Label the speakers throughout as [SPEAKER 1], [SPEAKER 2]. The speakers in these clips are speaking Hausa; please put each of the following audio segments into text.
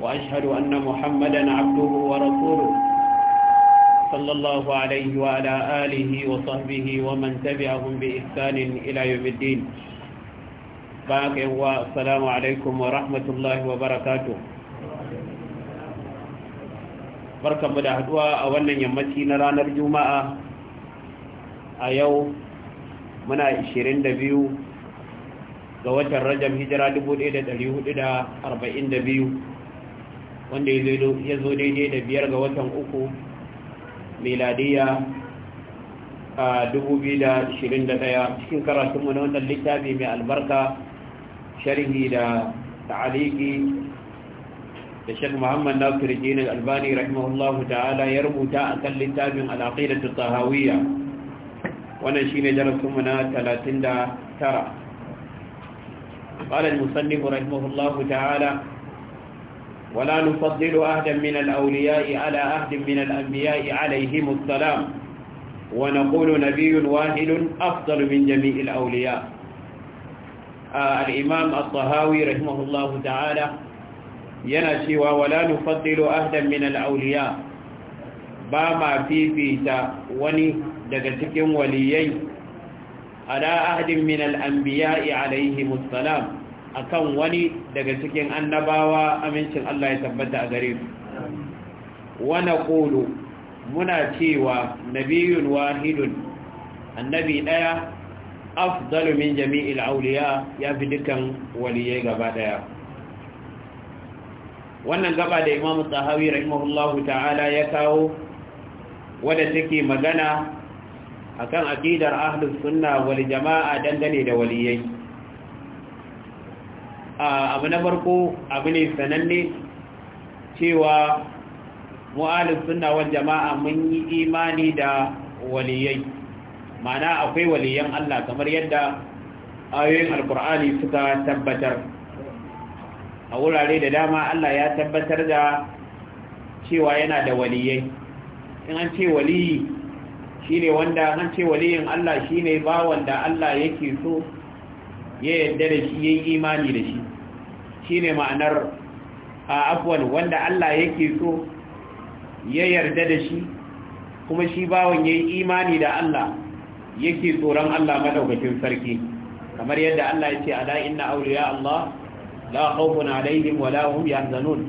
[SPEAKER 1] وأشهد أن محمدا عبده ورسوله صلى الله عليه وعلى آله وصحبه ومن تبعهم بإحسان إلى يوم الدين باقي والسلام عليكم ورحمة الله وبركاته barkan mu da haduwa a wannan yammaci na ranar juma'a a yau muna 22 ga watan rajab hijira 1442 wanda ya zo daidai da biyar ga watan uku miladiya a 2021 cikin karatunmu na wannan littafi mai albarka sharhi da ta'aliki da shek muhammad nasir jinin albani rahimahullahu ta'ala ya rubuta a kan littafin al'aqidatu tahawiyya wannan shine darasinmu na 39 قال المصنف رحمه الله تعالى ولا نفضل أهدا من الأولياء على أهد من الأنبياء عليهم السلام ونقول نبي واحد أفضل من جميع الأولياء آه الإمام الطهاوي رحمه الله تعالى ينشي ولا نفضل أهدا من الأولياء باما في فيتا وني دقتك وليي على أهد من الأنبياء عليهم السلام akan wani daga cikin annabawa amincin Allah ya tabbata a gare mu wa naqulu muna cewa nabiyyun wahidun annabi daya afdalu min jami'il awliya ya fi dukan waliyai gaba daya wannan gaba da Imam Tahawi rahimahullahu ta'ala ya kawo wanda take magana akan aqidar ahlus sunna wal jama'a dangane da waliyai abu na farko abu ne sananne cewa mu'alif suna jama'a mun yi imani da waliyai mana akwai waliyan Allah kamar yadda ayoyin alkur'ani suka tabbatar a wurare da dama Allah ya tabbatar da cewa yana da waliyai in an ce waliyi shine wanda an ce waliyin Allah shine ba wanda Allah yake so ya yadda da shi yi imani da shi shine ma'anar afwan wanda Allah yake so ya yarda da shi kuma shi bawon yayi imani da Allah yake tsoron Allah madaukakin sarki kamar yadda Allah ya ce ala inna awliya Allah la khawfun alaihim wa la hum yahzanun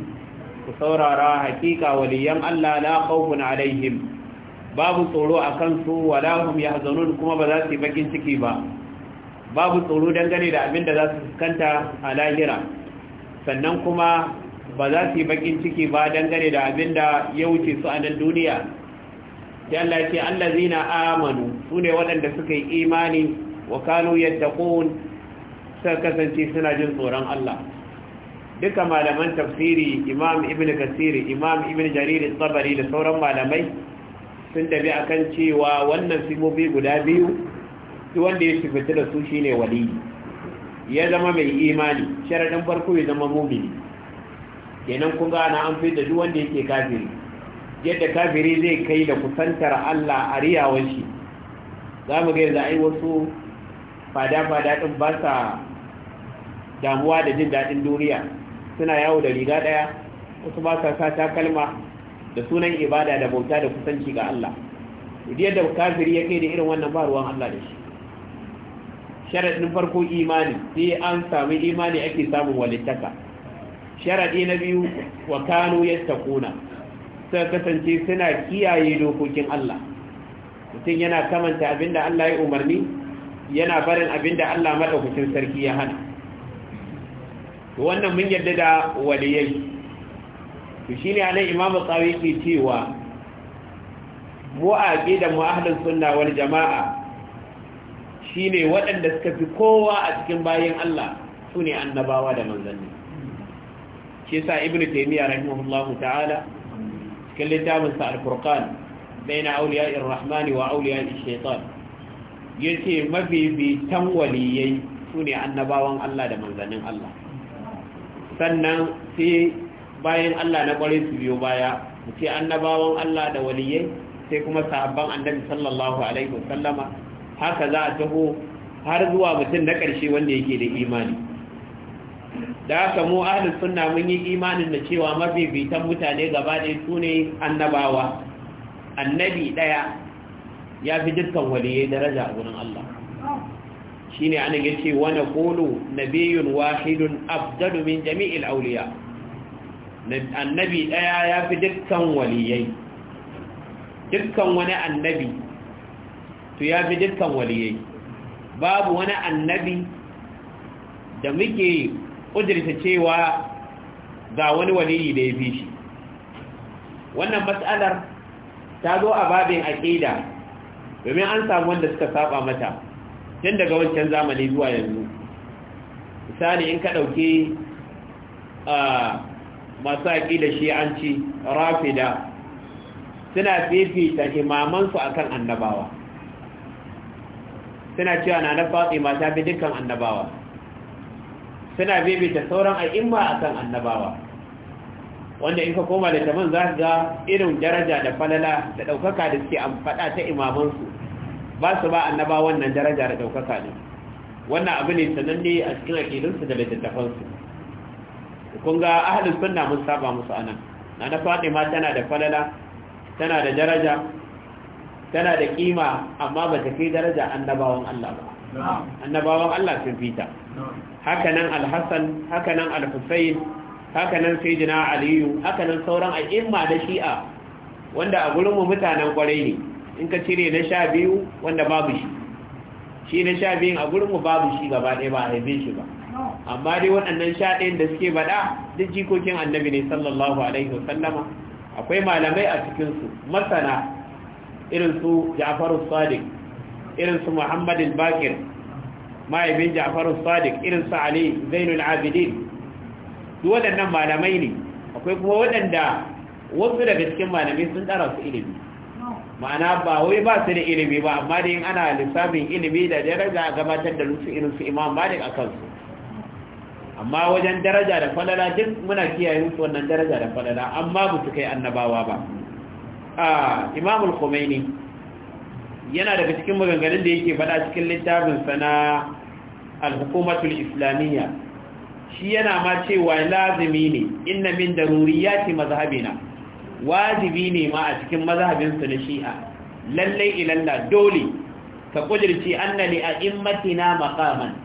[SPEAKER 1] ku saurara hakika waliyan Allah la khawfun alaihim babu tsoro a kansu wa la hum yahzanun kuma ba za su yi bakin ciki ba babu tsoro dangane da abin da za su fuskanta a lahira sannan kuma ba za su yi bakin ciki ba dangane da abin da ya wuce su a nan duniya ya Allah ce Allah amanu su ne waɗanda suka yi imani wa kanu yadda suka kasance suna jin tsoron Allah duka malaman tafsiri imam ibn kasiri imam ibn jarir tsabari da sauran malamai sun tafi kan cewa wannan simobi guda biyu duk wanda ya shi da su shine waliyi ya zama mai imani sharadin farko ya zama mumini kenan kun gana an fi da duk wanda yake kafiri yadda kafiri zai kai da kusantar Allah a riyawar shi za mu ga yanzu ai wasu fada-fada ɗin ba sa damuwa da jin daɗin duniya suna yawo da riga ɗaya wasu ba sa sa takalma da sunan ibada da bauta da kusanci ga Allah duk yadda kafiri ya kai da irin wannan ba Allah da shi sharaɗin farko imani sai an samu imani ake samun walittaka sharaɗi na biyu wa kanu yastaquna sai kasance suna kiyaye dokokin Allah mutum yana kamanta abinda Allah ya umarni yana barin abinda Allah madaukakin sarki ya hana wannan mun yarda da waliyai to shine anan imamu tsawi ke cewa mu da mu sunna wal jamaa shine waɗanda suka fi kowa a cikin bayan Allah su ne annabawa da manzanni Ke sa ibnu taimiyya rahimahullahu ta'ala cikin littafin sa al-furqan baina awliya'i ar-rahman wa awliya'i ash Ya yace mabibitan waliyai su ne annabawan Allah da manzannin Allah sannan sai bayan Allah na kware su biyo baya sai annabawan Allah da waliyai sai kuma sahabban annabi sallallahu alaihi wasallama haka za a taho har zuwa mutum na ƙarshe wanda yake da imani da aka mu ahlus sunna mun yi imanin da cewa mafifitan mutane gaba ɗaya su ne annabawa annabi ɗaya ya fi dukkan waliyai daraja a wurin Allah shi ne ana ya wani kolo biyun wahidun abdadu min jami'il auliya annabi ɗaya ya fi dukkan waliyai dukkan wani annabi to ya fi dukkan waliyai babu wani annabi da muke ƙudurta cewa ga wani waliyi da ya fi shi wannan matsalar ta zo a babin aƙida domin an samu wanda suka saba mata tun daga wancan zamani zuwa yanzu misali in ka ɗauki masu aƙida shi'anci rafida suna fifita imamansu akan annabawa suna cewa na na fatima ta bi dukkan annabawa suna bibita sauran al'imma akan annabawa wanda in ka koma da taman za ga irin daraja da falala da ɗaukaka da suke an ta imamansu ba su ba annaba wannan daraja da ɗaukaka ne wannan abu ne sananne a cikin aƙidunsu da littattafansu kun ga ahalin sunna mun saba musu anan na na fatima tana da falala tana da daraja tana da kima amma ba ta kai daraja annabawan Allah ba annabawan Allah sun fita hakanan al-Hassan hakanan al-Husayn hakanan sayyidina Aliyu hakanan sauran a'imma da Shi'a wanda a gurin mu mutanen kwarai ne in ka cire na 12 wanda babu shi shi na 12 a gurin mu babu shi gaba ɗaya ba a yi shi ba amma dai waɗannan sha da suke baɗa duk jikokin annabi ne sallallahu alaihi wasallama akwai malamai a cikinsu masana irin su ja'faru sadiq irin su Muhammad al-Baqir mai bin ja'faru sadiq irin su Ali Zainul Abidin duk waɗannan malamai ne akwai kuma waɗanda wasu daga cikin malamai sun darasu su ilimi ma'ana ba wai ba su da ilimi ba amma dai ana lissafin ilimi da daraja gabatar da lusu irin su Imam Malik akan su amma wajen daraja da falala duk muna kiyaye su wannan daraja da falala amma ba su kai annabawa ba imam al Khumaini yana daga cikin maganganun da yake faɗa cikin littafinsa na al-hukumatul islamiyya shi yana ma cewa lazimi ne inna min daruriyati mazhabina wajibi ne ma a cikin mazhabinsu na shi'a lalle ilalla dole ka kudirce annali li a'immatina maqaman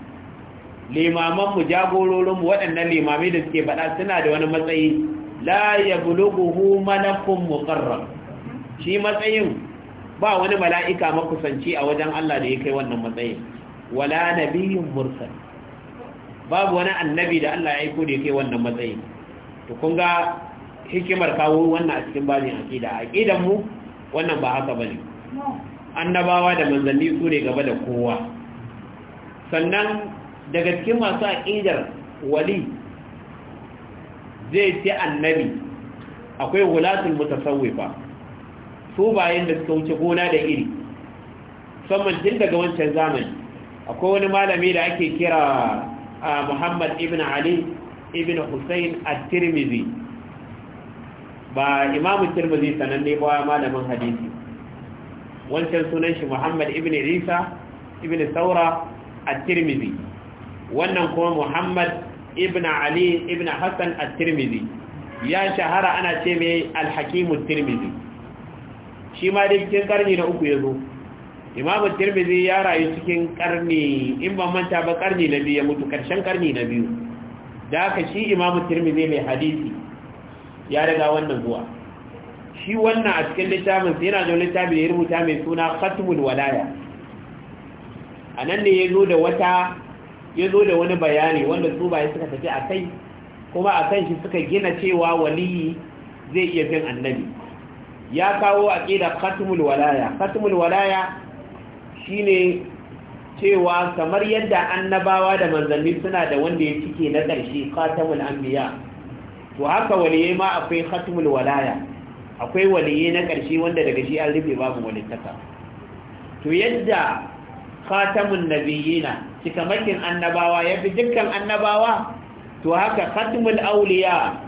[SPEAKER 1] limaman mu jagororin mu waɗannan limamai da suke faɗa suna da wani matsayi la yablughu malakun muqarrab shi matsayin ba wani mala'ika makusanci a wajen Allah da ya kai wannan matsayin wala nabiyyun mursal babu wani annabi da Allah ya aiko da ya kai wannan matsayin to kun ga hikimar kawo wannan a cikin babin aqida aqidan mu wannan ba haka bane annabawa da manzanni su ne gaba da kowa sannan daga cikin masu aqidar wali zai ce annabi akwai wulatul mutasawwifa bayan da suka wuce gona da iri musamman tun daga wancan zamani akwai wani malami da ake kira muhammad ibn ali ibn hussein a tirmizi ba imamu tirmizi sananne ba malamin hadisi wancan sunan shi muhammad ibn isa ibn saura a tirmizi wannan kuma muhammad ibn ali ibn hassan a tirmizi ya shahara ana ce mai Alhakimu tirmizi shi ma dai cikin karni na uku ya zo imamu tirmidhi ya rayu cikin karni in ban manta ba karni na biyu ya mutu karshen karni na biyu da haka shi imamu tirmidhi mai hadisi ya riga wannan zuwa shi wannan a cikin littafin sai yana zaune littafi ya rubuta mai suna khatmul walaya a nan ne ya zo da wata ya zo da wani bayani wanda su ba suka tafi a kai kuma a kan shi suka gina cewa waliyi zai iya bin annabi ya kawo ƙida khatmul walaya khatmul walaya shine cewa kamar yadda annabawa da manzanni suna da wanda ya cike na ƙarshe an anbiya to haka waliye ma akwai khatmul walaya akwai waliye na ƙarshe wanda daga shi an rufe babu taka to yadda khatamun nabiyina cikamakin annabawa fi dukkan annabawa to haka khatmul auliya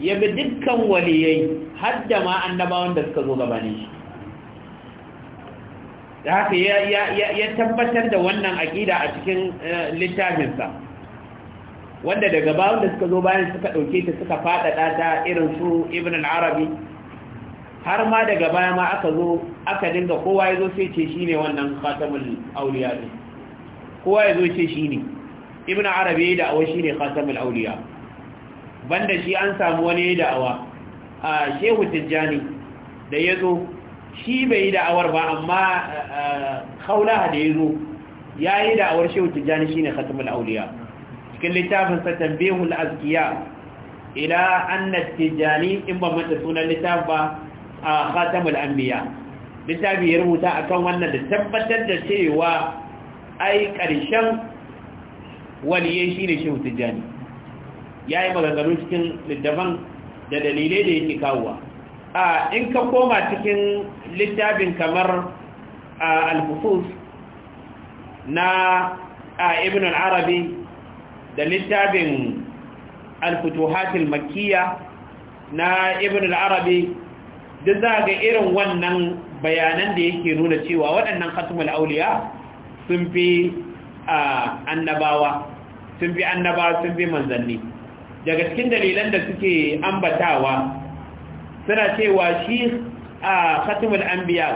[SPEAKER 1] ya bi dukkan waliyai har da ma annabawan da suka zo gabanin shi da haka ya tabbatar da wannan aƙida a cikin eh, littafinsa wanda daga bawon da suka zo bayan suka ɗauke ta suka faɗaɗa ta irin su ibn al-arabi har ma daga baya ma aka zo aka dinga kowa ya zo sai ce shi ne wannan khatamul auliya kowa ya zo ce shi ne ibn arabi da awa shi ne khatamul auliya banda shi an samu wani da'awa a shehu tijjani da ya zo shi bai yi da'awar ba amma kaulaha da ya zo ya yi da'awar shehu tijjani shine katamul auliya cikin littafin sa tanbihul azkiya ila anna tijjani in ba mata sunan littafin ba a katamul ambiya, littafi ya rubuta akan wannan da tabbatar da cewa ai karshen waliya shine shehu tijjani ya yi maganganu cikin littafan da dalilai da yake kawowa a in ka koma cikin littafin kamar al-fusus na ibn al-arabi da littafin al-futuhatul na ibn al-arabi duk za ga irin wannan bayanan da yake nuna cewa waɗannan khatmul auliya sun fi annabawa sun fi annabawa sun fi manzanni daga cikin dalilan da suke ambatawa suna cewa shi a khatimul anbiya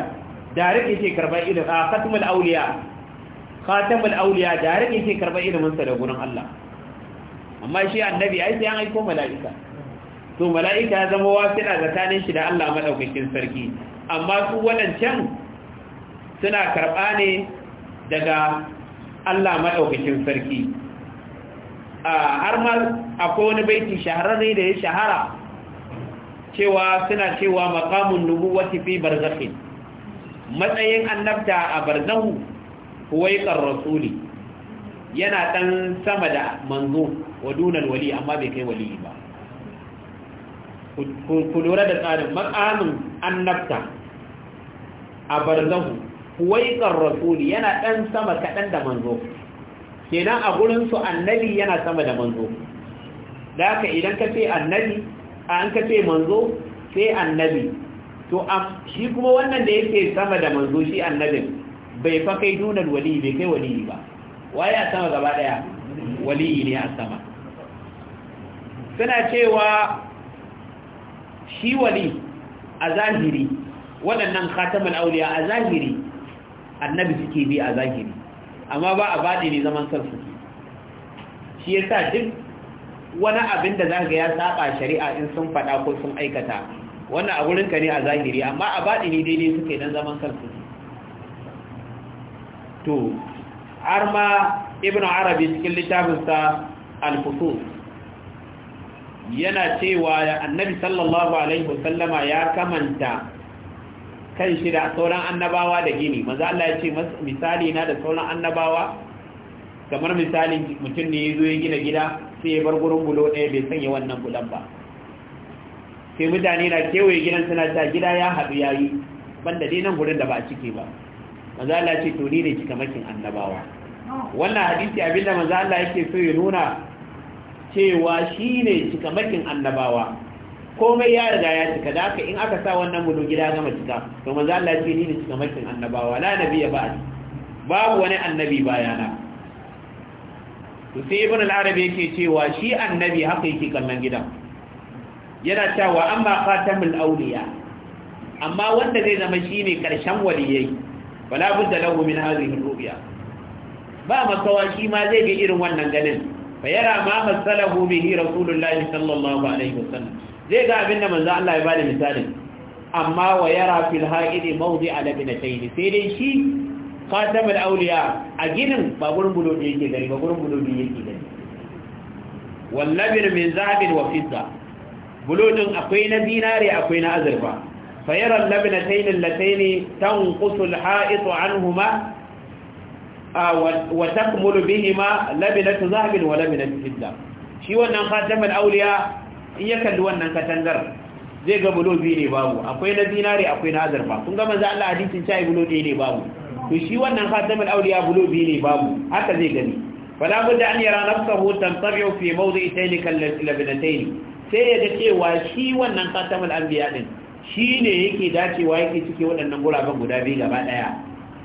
[SPEAKER 1] da rike ke karban ilimin a khatimul auliya khatimul auliya da rike ke karban ilimin sa da gurin Allah amma shi annabi ai sai an aiko mala'ika to mala'ika ya zama wasila tsakanin shi da Allah madaukakin sarki amma su wadancan suna karba ne daga Allah madaukakin sarki har ma akwai wani baiti shahararre da ya shahara cewa suna cewa nubu nubuwati fi barzakhin matsayin annabta a barzahu huwaiqar rasuli yana ɗan sama da manzo wa dunan wali amma bai kai wali ba ku lura da tsarin makamun annabta a barzahu huwaiqar rasuli yana ɗan sama kaɗan da manzo kenan a gurinsu annabi yana sama da manzo da haka idan ka ce annabi an ka ce manzo sai annabi to shi kuma wannan da yake sama da manzo shi annabin bai fa kai dunar wali bai kai wali ba waye a sama gaba daya wali ne a sama suna cewa shi wali a zahiri waɗannan khatamul auliya a zahiri annabi suke bi a zahiri amma ba a baɗi ne zaman kansu shi yasa duk wani abin da zaka ya saba shari'a in sun faɗa ko sun aikata wannan a wurinka ne a zahiri amma a baɗi ne daidai suke dan zaman kansu to har ma ibn arabi cikin littafinsa al-fusus yana cewa annabi sallallahu alaihi wasallama ya kamanta kan shi da sauran annabawa da gini maza Allah ya ce misali na da sauran annabawa kamar misalin mutum ne ya zo ya gina gida sai ya bar gurin bulo ɗaya bai sanya wannan bulon ba sai mutane na kewaye gidan suna ta gida ya haɗu ya yi banda dai nan gurin da ba a cike ba maza Allah ya ce to ni ne cikamakin annabawa wannan hadisi abinda maza Allah yake so ya nuna cewa shine cikamakin annabawa komai ya riga ya cika da haka in aka sa wannan mulu gida gama cika to manzo Allah ce ni ne cika makin annabawa la nabiyya ba'd babu wani annabi bayana to sai ibn al-arabi yake cewa shi annabi haka yake kallon gidan yana cewa amma khatamul awliya amma wanda zai zama shi ne karshen waliyai wala budda lahu min hadhihi ar-ru'ya ba makawa shi ma zai ga irin wannan ganin fa yara ma masalahu bihi rasulullahi sallallahu alaihi wasallam zai ga abinda da manzo Allah ya bada misalin amma wa yara fil haidi mawdi ala binatayn sai dai shi khatamul awliya a ginin ba gurin bulodi yake gari ba gurin bulodi yake gari wallabir min zahabin wa fidda bulodin akwai na dinare akwai na azurfa fayara labnatayn allatayn tanqusu alha'it anhuma wa takmulu bihima labnatu zahabin wa labnatu fidda shi wannan khatamul awliya in ya kalli wannan katangar zai ga bulo biyu ne babu akwai na zinare akwai na azurfa kun ga manzo Allah hadisin cewa bulo ɗaya ne babu to shi wannan khatamul awliya bulo biyu ne babu haka zai gani fala budda an yara nafsahu tantabi'u fi mawdi'i tayni kallatayni sai ya ga cewa shi wannan khatamul anbiya din shi ne yake dacewa yake cike waɗannan guraben guda biyu gaba daya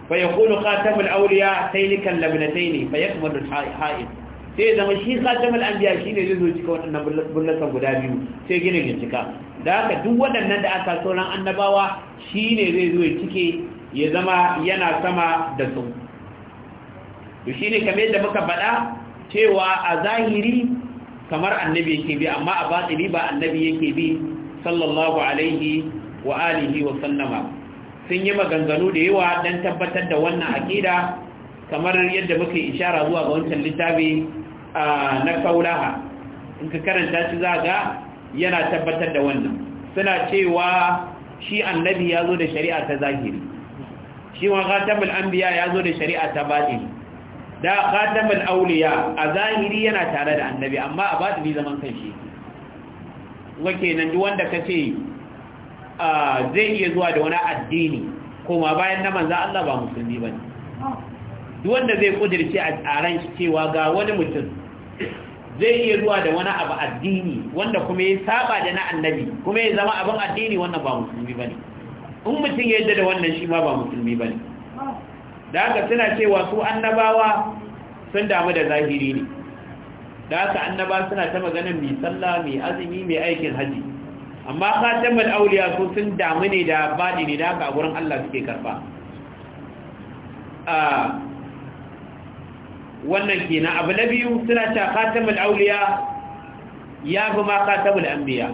[SPEAKER 1] fa ya khatamul auliya tainikal labnataini fa yakmalu al-ha'id sai zama shi khatamul anbiya shine zai zo cika waɗannan guda biyu sai gina gincika da haka duk waɗannan da aka sauran annabawa shine zai zo ya cike ya zama yana sama da su to shine kamar yadda muka faɗa cewa a zahiri kamar annabi yake bi amma a batini ba annabi yake bi sallallahu alaihi wa alihi wa sallama sun yi maganganu da yawa don tabbatar da wannan akida kamar yadda muke ishara zuwa ga wancan littafi na kaulaha in ka karanta shi za ga yana tabbatar da wannan suna cewa shi annabi ya zo da shari'a ta zahiri shi wa khatamul anbiya ya zo da shari'a ta batini da khatamul awliya a zahiri yana tare da annabi amma a batini zaman kanshi wake nan duk wanda kace zai iya zuwa da wani addini koma bayan na manza Allah ba musulmi bane duk wanda zai kudirce a ran cewa ga wani mutum zai iya zuwa da wani abu addini wanda kuma ya saba da na annabi kuma ya zama abin addini wannan ba musulmi ba ne in mutum ya yadda da wannan shi ma ba musulmi ba ne da haka suna cewa su annabawa sun damu da zahiri ne da haka annaba suna ta maganin mai sallah mai azumi mai aikin haji amma fatan auliya su sun damu ne da baɗi ne da haka a wurin Allah suke karɓa. Ah, wannan kenan abu na biyu suna ta katamul auliya ya fi ma katamul anbiya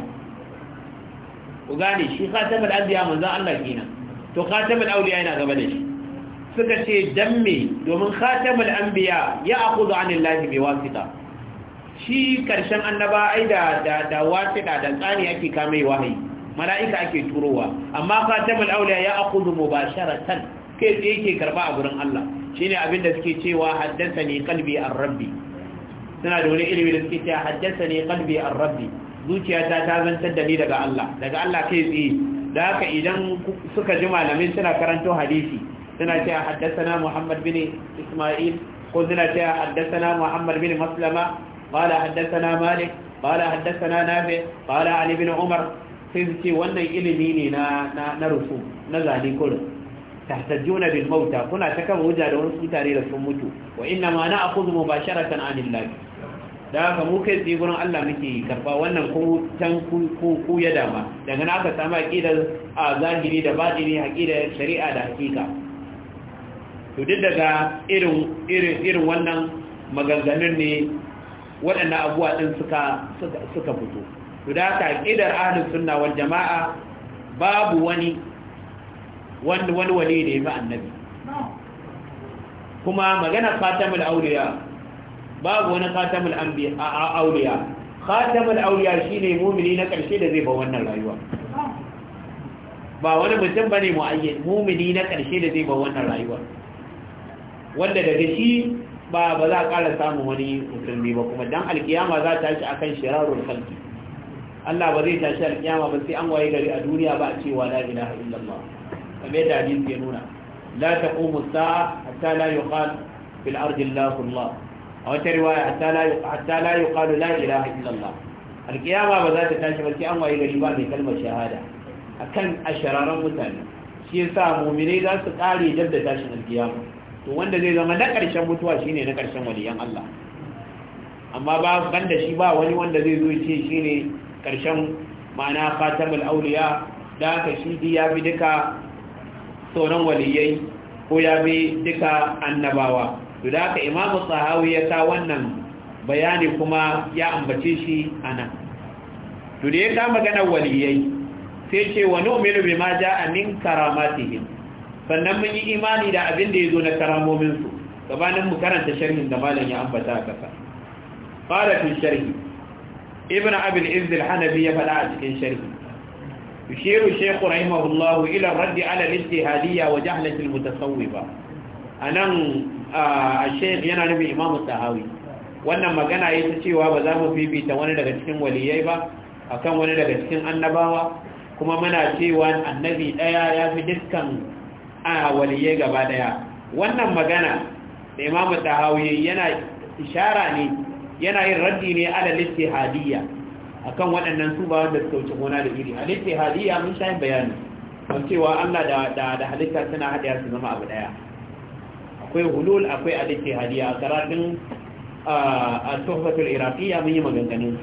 [SPEAKER 1] ku gane shi khatamul anbiya zan Allah kenan to katamul auliya yana gaba da shi suka ce damme domin katamul anbiya ya aqudu anillahi biwasita shi karshen annaba ai da da wasita da tsani ake kame wahayi mala'ika ake turowa amma katamul auliya ya aqudu mubasharatan kai tsaye ke karba a gurin Allah shine abin da suke cewa haddasa ne kalbi an rabbi suna da wani ilimi da suke cewa haddasa ne kalbi an rabbi zuciyata ta zantar da ni daga Allah daga Allah kai tsaye da haka idan suka ji malamin suna karanto hadisi suna cewa haddasa Muhammad bin Ismail ko suna cewa haddasa Muhammad bin Maslama qala haddathana Malik qala haddathana Nafi qala Ali bin Umar sai su ce wannan ilimi ne na na rusu na zali kullum tahtajjuna bil mauta kuna ta kama wuja da wasu mutane da sun mutu wa inna ma na akhudhu mubasharatan an lahi da haka mu kai tsaye gurin Allah muke karba wannan ku tan ku ya dama daga na aka samu aqidar a zahiri da batini aqidar shari'a da hakika to duk daga irin irin irin wannan maganganun ne waɗannan abuwa din suka suka fito to da haka aqidar ahlus sunna wal jamaa babu wani wani wani wali da ya fi annabi kuma magana khatamul auliya babu wani khatamul auliya khatamul auliya shine mumini na ƙarshe da zai ba wannan rayuwa ba wani mutum ba ne muayyan mumini na ƙarshe da zai ba wannan rayuwa wanda daga shi ba ba za a ƙara samun wani musulmi ba kuma don alkiyama za ta shi kan shirarul khalqi Allah ba zai tashi alkiyama ba sai an waye gari a duniya ba a cewa la ilaha illallah kame da hadisi ya nuna la taqumu sa'a hatta la yuqal fil ardi illahu allah a wata riwaya hatta la hatta la yuqalu la ilaha illa allah ba za ta tashi ba sai an waye gari ba mai kalmar shahada akan ashararan mutane shi ya sa mu'mini za su ƙare dab da tashin alƙiyama to wanda zai zama na ƙarshen mutuwa shine na ƙarshen waliyan Allah amma ba banda shi ba wani wanda zai zo ce ne ƙarshen ma'ana khatamul auliya da ka shi ya bi duka sauran waliyai ko ya bi duka annabawa to da haka imamu sahawi ya ta wannan bayani kuma ya ambace shi ana to da ya ka magana waliyai sai ce wa nu'minu bima ja'a min karamatihim sannan mun yi imani da abin da ya zo na karamomin su gabanin mu karanta sharhin da malam ya ambata kasa qala fi sharhi ibn Abil izil Hanabi ya fada a cikin sharhi يشير الشيخ رحمه الله إلى الرد على الاجتهادية وجهلة المتصوفة أنا آه الشيخ ينا نبي إمام السهاوي wannan magana ya ta cewa ba za mu fifita wani daga cikin waliyai ba akan wani daga cikin annabawa kuma muna cewa annabi ɗaya ya fi dukkan a waliyai gaba ɗaya wannan magana da imamu tahawiyi yana ishara ne yana yin raddi ne ala littihadiyya akan waɗannan su ba wanda suka wuce gona da iri halitta haliya mun sha bayani kan cewa Allah da da halitta suna hadiya su zama abu ɗaya akwai hulul akwai halitta haliya a karatun a tuhfatul iraqiyya mun yi maganganun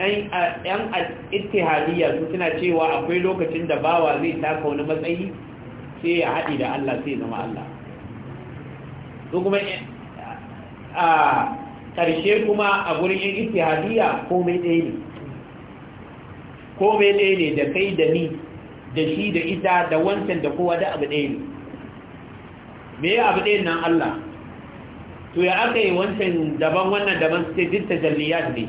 [SPEAKER 1] su yan ittihadiyya su suna cewa akwai lokacin da bawa zai taka wani matsayi sai ya haɗi da Allah sai zama Allah su kuma a Karshe kuma a gurin yin ittihadiyya komai ɗaya ne komai ɗaya ne da kai da ni da shi da ita da wancan da kowa da abu ɗaya ne me ya abu ɗaya nan Allah to ya aka yi wancan daban wannan daban sai duk jalliya ne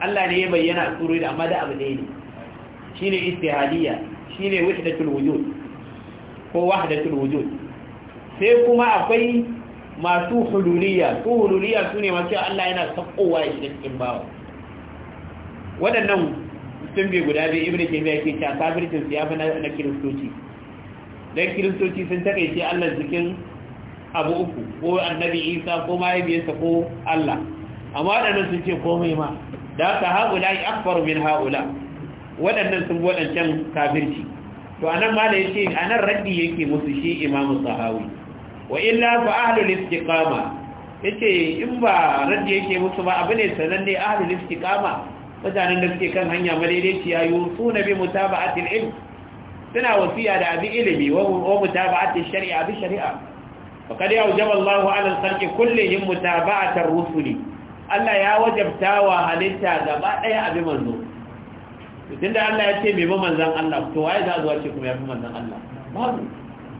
[SPEAKER 1] Allah ne ya bayyana tsoro da amma da abu ɗaya ne shine ne shine da tulwujo ko wahdatul wujud sai kuma akwai masu hululiya su hululiya su ne masu Allah yana sakowa ya shiga cikin bawa waɗannan sun bai guda biyu ibn taymiya ke cewa birkin su ya fi na kiristoci don kiristoci sun ce Allah cikin abu uku ko annabi Isa ko mahaifiyarsa ko Allah amma waɗannan sun ce komai ma da ka haɗula yi akwar min haɗula waɗannan sun waɗancan kafirci to anan ma da yace anan raɗi yake musu shi imamu sahawi wa illa fa ahlul istiqama yace in ba radda yake musu ba abu ne sananne ahlul istiqama mutanen da suke kan hanya madaidaiciya yusuna bi mutaba'atil ilm suna wasiya da abi ilimi wa mutaba'atil shari'a bi shari'a faqad yawjaba Allahu 'ala al-khalqi kullihim mutaba'atar rusuli Allah ya wajabta wa halitta gaba daya abi manzo tunda Allah ya ce mai manzon Allah to waye za zuwa ce kuma ya fi manzon Allah babu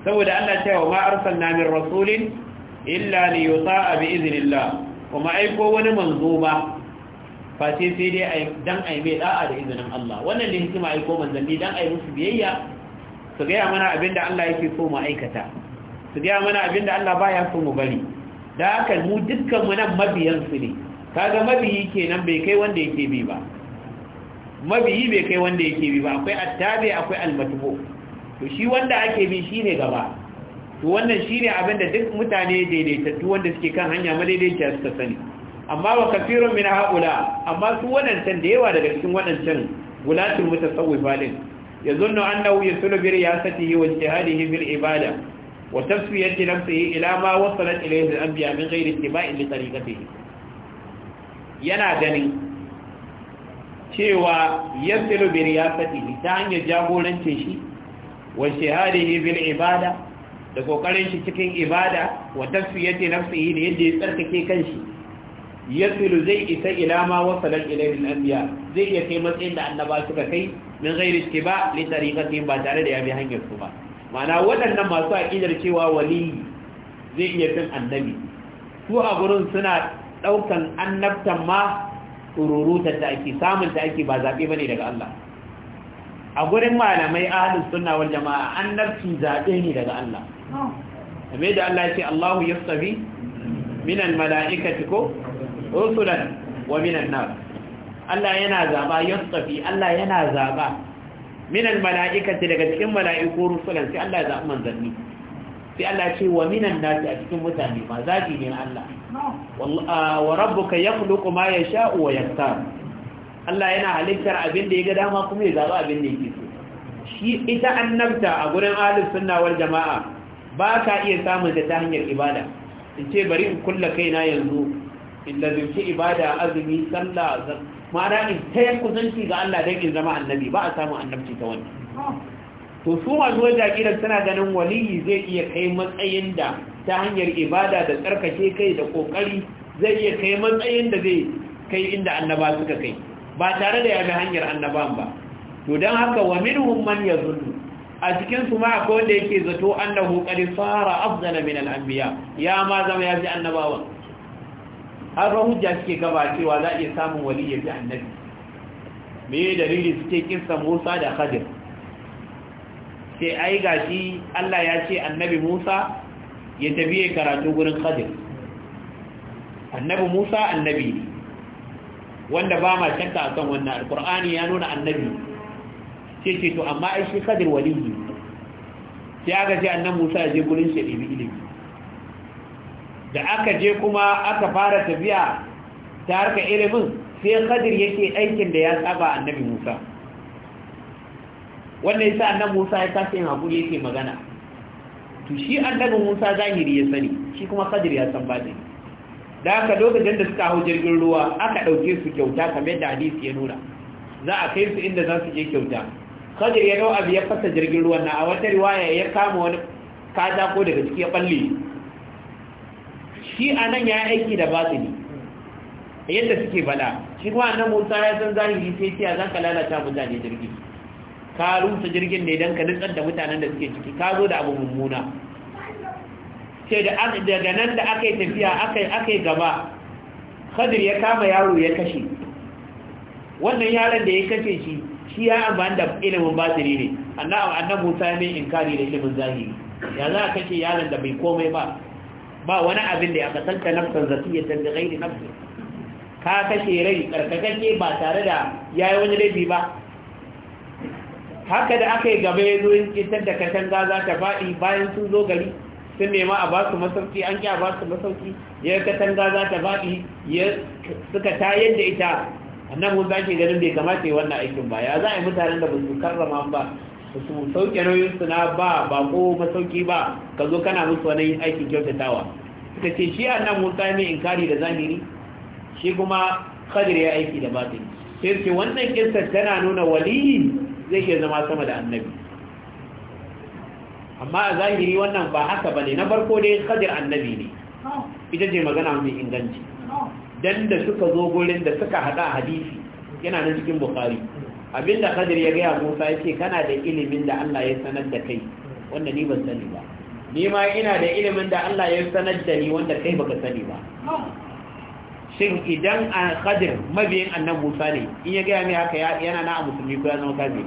[SPEAKER 1] saboda Allah ya ce wa ma arsalna min rasulin illa li yuta'a bi idhnillah kuma aiko wani manzo ba face sai dai ai dan ai mai da'a da izinin Allah wannan da hikima aiko manzanni dan ai musu biyayya su ga mana abinda Allah yake so mu aikata su ga mana abinda Allah baya so mu bari da haka mu dukkan mu nan mabiyan su ne kaga mabiyi kenan bai kai wanda yake bi ba mabiyi bai kai wanda yake bi ba akwai attabi akwai almatbu to shi wanda ake bi shi ne gaba to wannan shine abin da duk mutane daidaitattu wanda suke kan hanya madaidaita suka sani amma wa kafirun min haula amma su wadancan da yawa daga cikin wadancan gulatul mutasawwifalin yazunnu annahu yasulu bi riyasatihi wa ijtihadihi bil ibada wa tasfiyati nafsihi ila ma wasalat ilayhi al anbiya min ghairi ittiba'in li tariqatihi yana ganin cewa yasulu bi riyasatihi ta hanyar jagorancin shi wa shahadihi bil ibada da kokarin shi cikin ibada wa tafiyati nafsihi da yadda ya tsarkake kanshi yasilu zai isa ila ma wasala ilayhi al-anbiya zai iya kai matsayin da annaba suka kai min ghairi tiba li tariqati ba tare da ya bi hanyar su ba ma'ana waɗannan masu aqidar cewa wali zai iya bin annabi su a gurin suna daukan annabtan ma tururutar da ake samun ta ake ba zaɓe ba ne daga Allah a gurin malamai ahlus suna wal jama'a an annabci zaɓe ne daga Allah abe da Allah ya ce Allahu yastabi minal mala'ikati ko rusulan wa minan nar Allah yana zaɓa zaba yastabi Allah yana zaɓa. Minan mala'ikati daga cikin mala'iku rusulan sai Allah ya zabi manzanni sai Allah ce wa minan nas a cikin mutane ma zabi ne Allah ah, wa rabbuka yakhluqu ma sha'u wa yaktar Allah yana halittar abin da ya ga dama kuma ya zaɓa abin da ya so shi ita annabta a gurin alif sunnawar jama'a ba ka iya samun ta hanyar ibada in ce bari in kulla kaina yanzu in lazimci ibada azumi sallah ma'ana in ta kusanci ga Allah don in zama annabi ba a samun annabci ta wani. to su masu wajen kiran suna ganin waliyi zai iya kai matsayin da ta hanyar ibada da tsarkake kai da kokari zai iya kai matsayin da zai kai inda annaba suka kai ba tare da ya bi hanyar annaban ba to don haka wa minhum man yazunnu a cikin su ma akwai wanda yake zato annahu qad sara afdala min al-anbiya ya ma zama ya ji annabawa har hujja suke gaba cewa za a iya samun wali ya fi annabi me dalili suke kinsa Musa da Khadir sai ai gashi Allah ya ce annabi Musa ya tafi karatu gurin Khadir annabi Musa annabi ne wanda ba ma shanta akan wannan alqur'ani ya nuna annabi ce ce to amma ai shi kadir waliyi sai aka ce annan Musa ya je gurin shi ɗibi ilimi da aka je kuma aka fara tafiya ta harka ilimin sai kadir yake aikin da ya saba annabi Musa wannan yasa annabi Musa ya kasa yin hakuri yake magana to shi annabi Musa zahiri ya sani shi kuma kadir ya san batini da aka lokacin da suka hau jirgin ruwa aka ɗauke su kyauta kamar da hadisi ya nuna za a kai su inda za su je kyauta kadir ya dau abu ya fasa jirgin ruwan na a wata riwaya ya kama wani katako daga ciki ya balle shi a nan ya aiki da batini yadda suke bala shi kuma nan musa ya san zahiri sai ce a zaka lalata mutane jirgin. ka rusa jirgin ne don ka nutsar da mutanen da suke ciki ka zo da abu mummuna ce da daga nan da aka yi tafiya aka yi gaba khadir ya kama yaro ya kashe wannan yaron da ya kashe shi shi ya amfani da ilimin basiri ne annan musa ya mai inkari da ilimin zahiri ya za a kashe yaron da bai komai ba ba wani abin da ya kasanta nafsar zafiya ta da gairi ka kashe rai karkakakke ba tare da ya yi wani laifi ba haka da aka yi gaba ya zo yin da katanga za ta faɗi bayan sun zo gari sun nema a basu masauki an kya basu masauki ya katanga za ta faɗi ya suka tayar da ita annan mun zaki ganin bai kamata yi wannan aikin ba ya za a yi mutanen da ba su karrama ba su sauke nauyin su na ba ba ko masauki ba ka zo kana musu wani aikin kyautatawa suka ce shi annan musa mai inkari da zamiri shi kuma kadir ya aiki da batin sai ce wannan kinsa tana nuna wali zai iya zama sama da annabi amma a zahiri wannan ba haka bane na farko dai kadir annabi ne ita ce magana mai inganci dan da suka zo gurin da suka hada hadisi yana nan cikin bukhari abinda kadir ya ga Musa ce, kana da ilimin da Allah ya sanar da kai wanda ni ban sani ba ni ma ina da ilimin da Allah ya sanar da ni wanda kai baka sani ba shin idan kadir mabiyin annabi Musa ne in ya ga mai haka yana na musulmi ko ya zama kafiri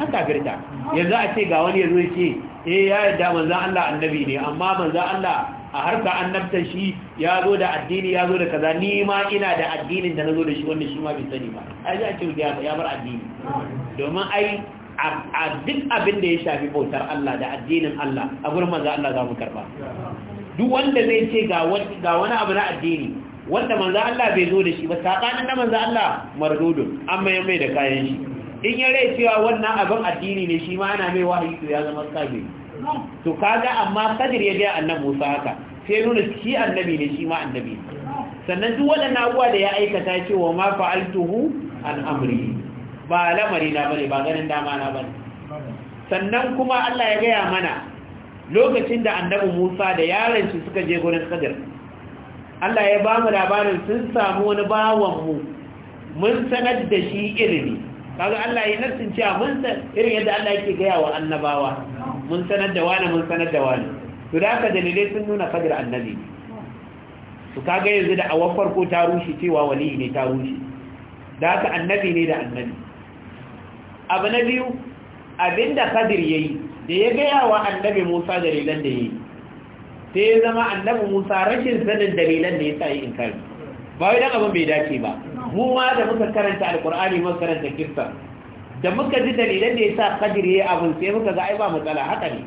[SPEAKER 1] haka firta yanzu a ce ga wani yazo ce E ya yadda manzan Allah annabi ne amma manzan Allah a harka annabta shi ya zo da addini ya zo da kaza ni ma ina da addinin da na zo da shi wanda shi ma bai sani ba ai za a ce ya bar addini domin ai a duk abin da ya shafi bautar Allah da addinin Allah a gurin manzan Allah za mu karba duk wanda zai ce ga wani abu na addini wanda manzan Allah bai zo da shi ba saƙanin na manzan Allah mardudun an mai mai da kayan shi in ya rai cewa wannan abin addini ne shi ma ana mai wahayi to ya zama kabiri to kaga amma kadir ya ga annabi Musa haka sai nuna shi annabi ne shi ma annabi sannan duk waɗannan abuwa da ya aikata cewa ma fa'altuhu an amri ba lamari na bane ba ganin dama na bane sannan kuma Allah ya gaya mana lokacin da annabi Musa da yaran shi suka je gurin sadar, Allah ya ba mu labarin sun samu wani bawan mu mun sanar da shi ilimi kaga Allah ya nassin cewa mun san irin yadda Allah yake gaya wa annabawa mun sanar da wani mun sanar da wani to da haka dalilai sun nuna fadar annabi to kaga yanzu da awar farko ta rushe cewa wali ne ta rushe da haka annabi ne da annabi abu na biyu abinda kadir yayi da ya gaya wa annabi Musa dalilan da yayi sai ya zama annabi Musa rashin sanin dalilan da yasa yi inkari ba wai dan abin bai dace ba mu ma da muka karanta alqur'ani mu karanta kissa da muka ji dalilan da yasa qadir yayi abin sai muka ga ai ba matsala haka ne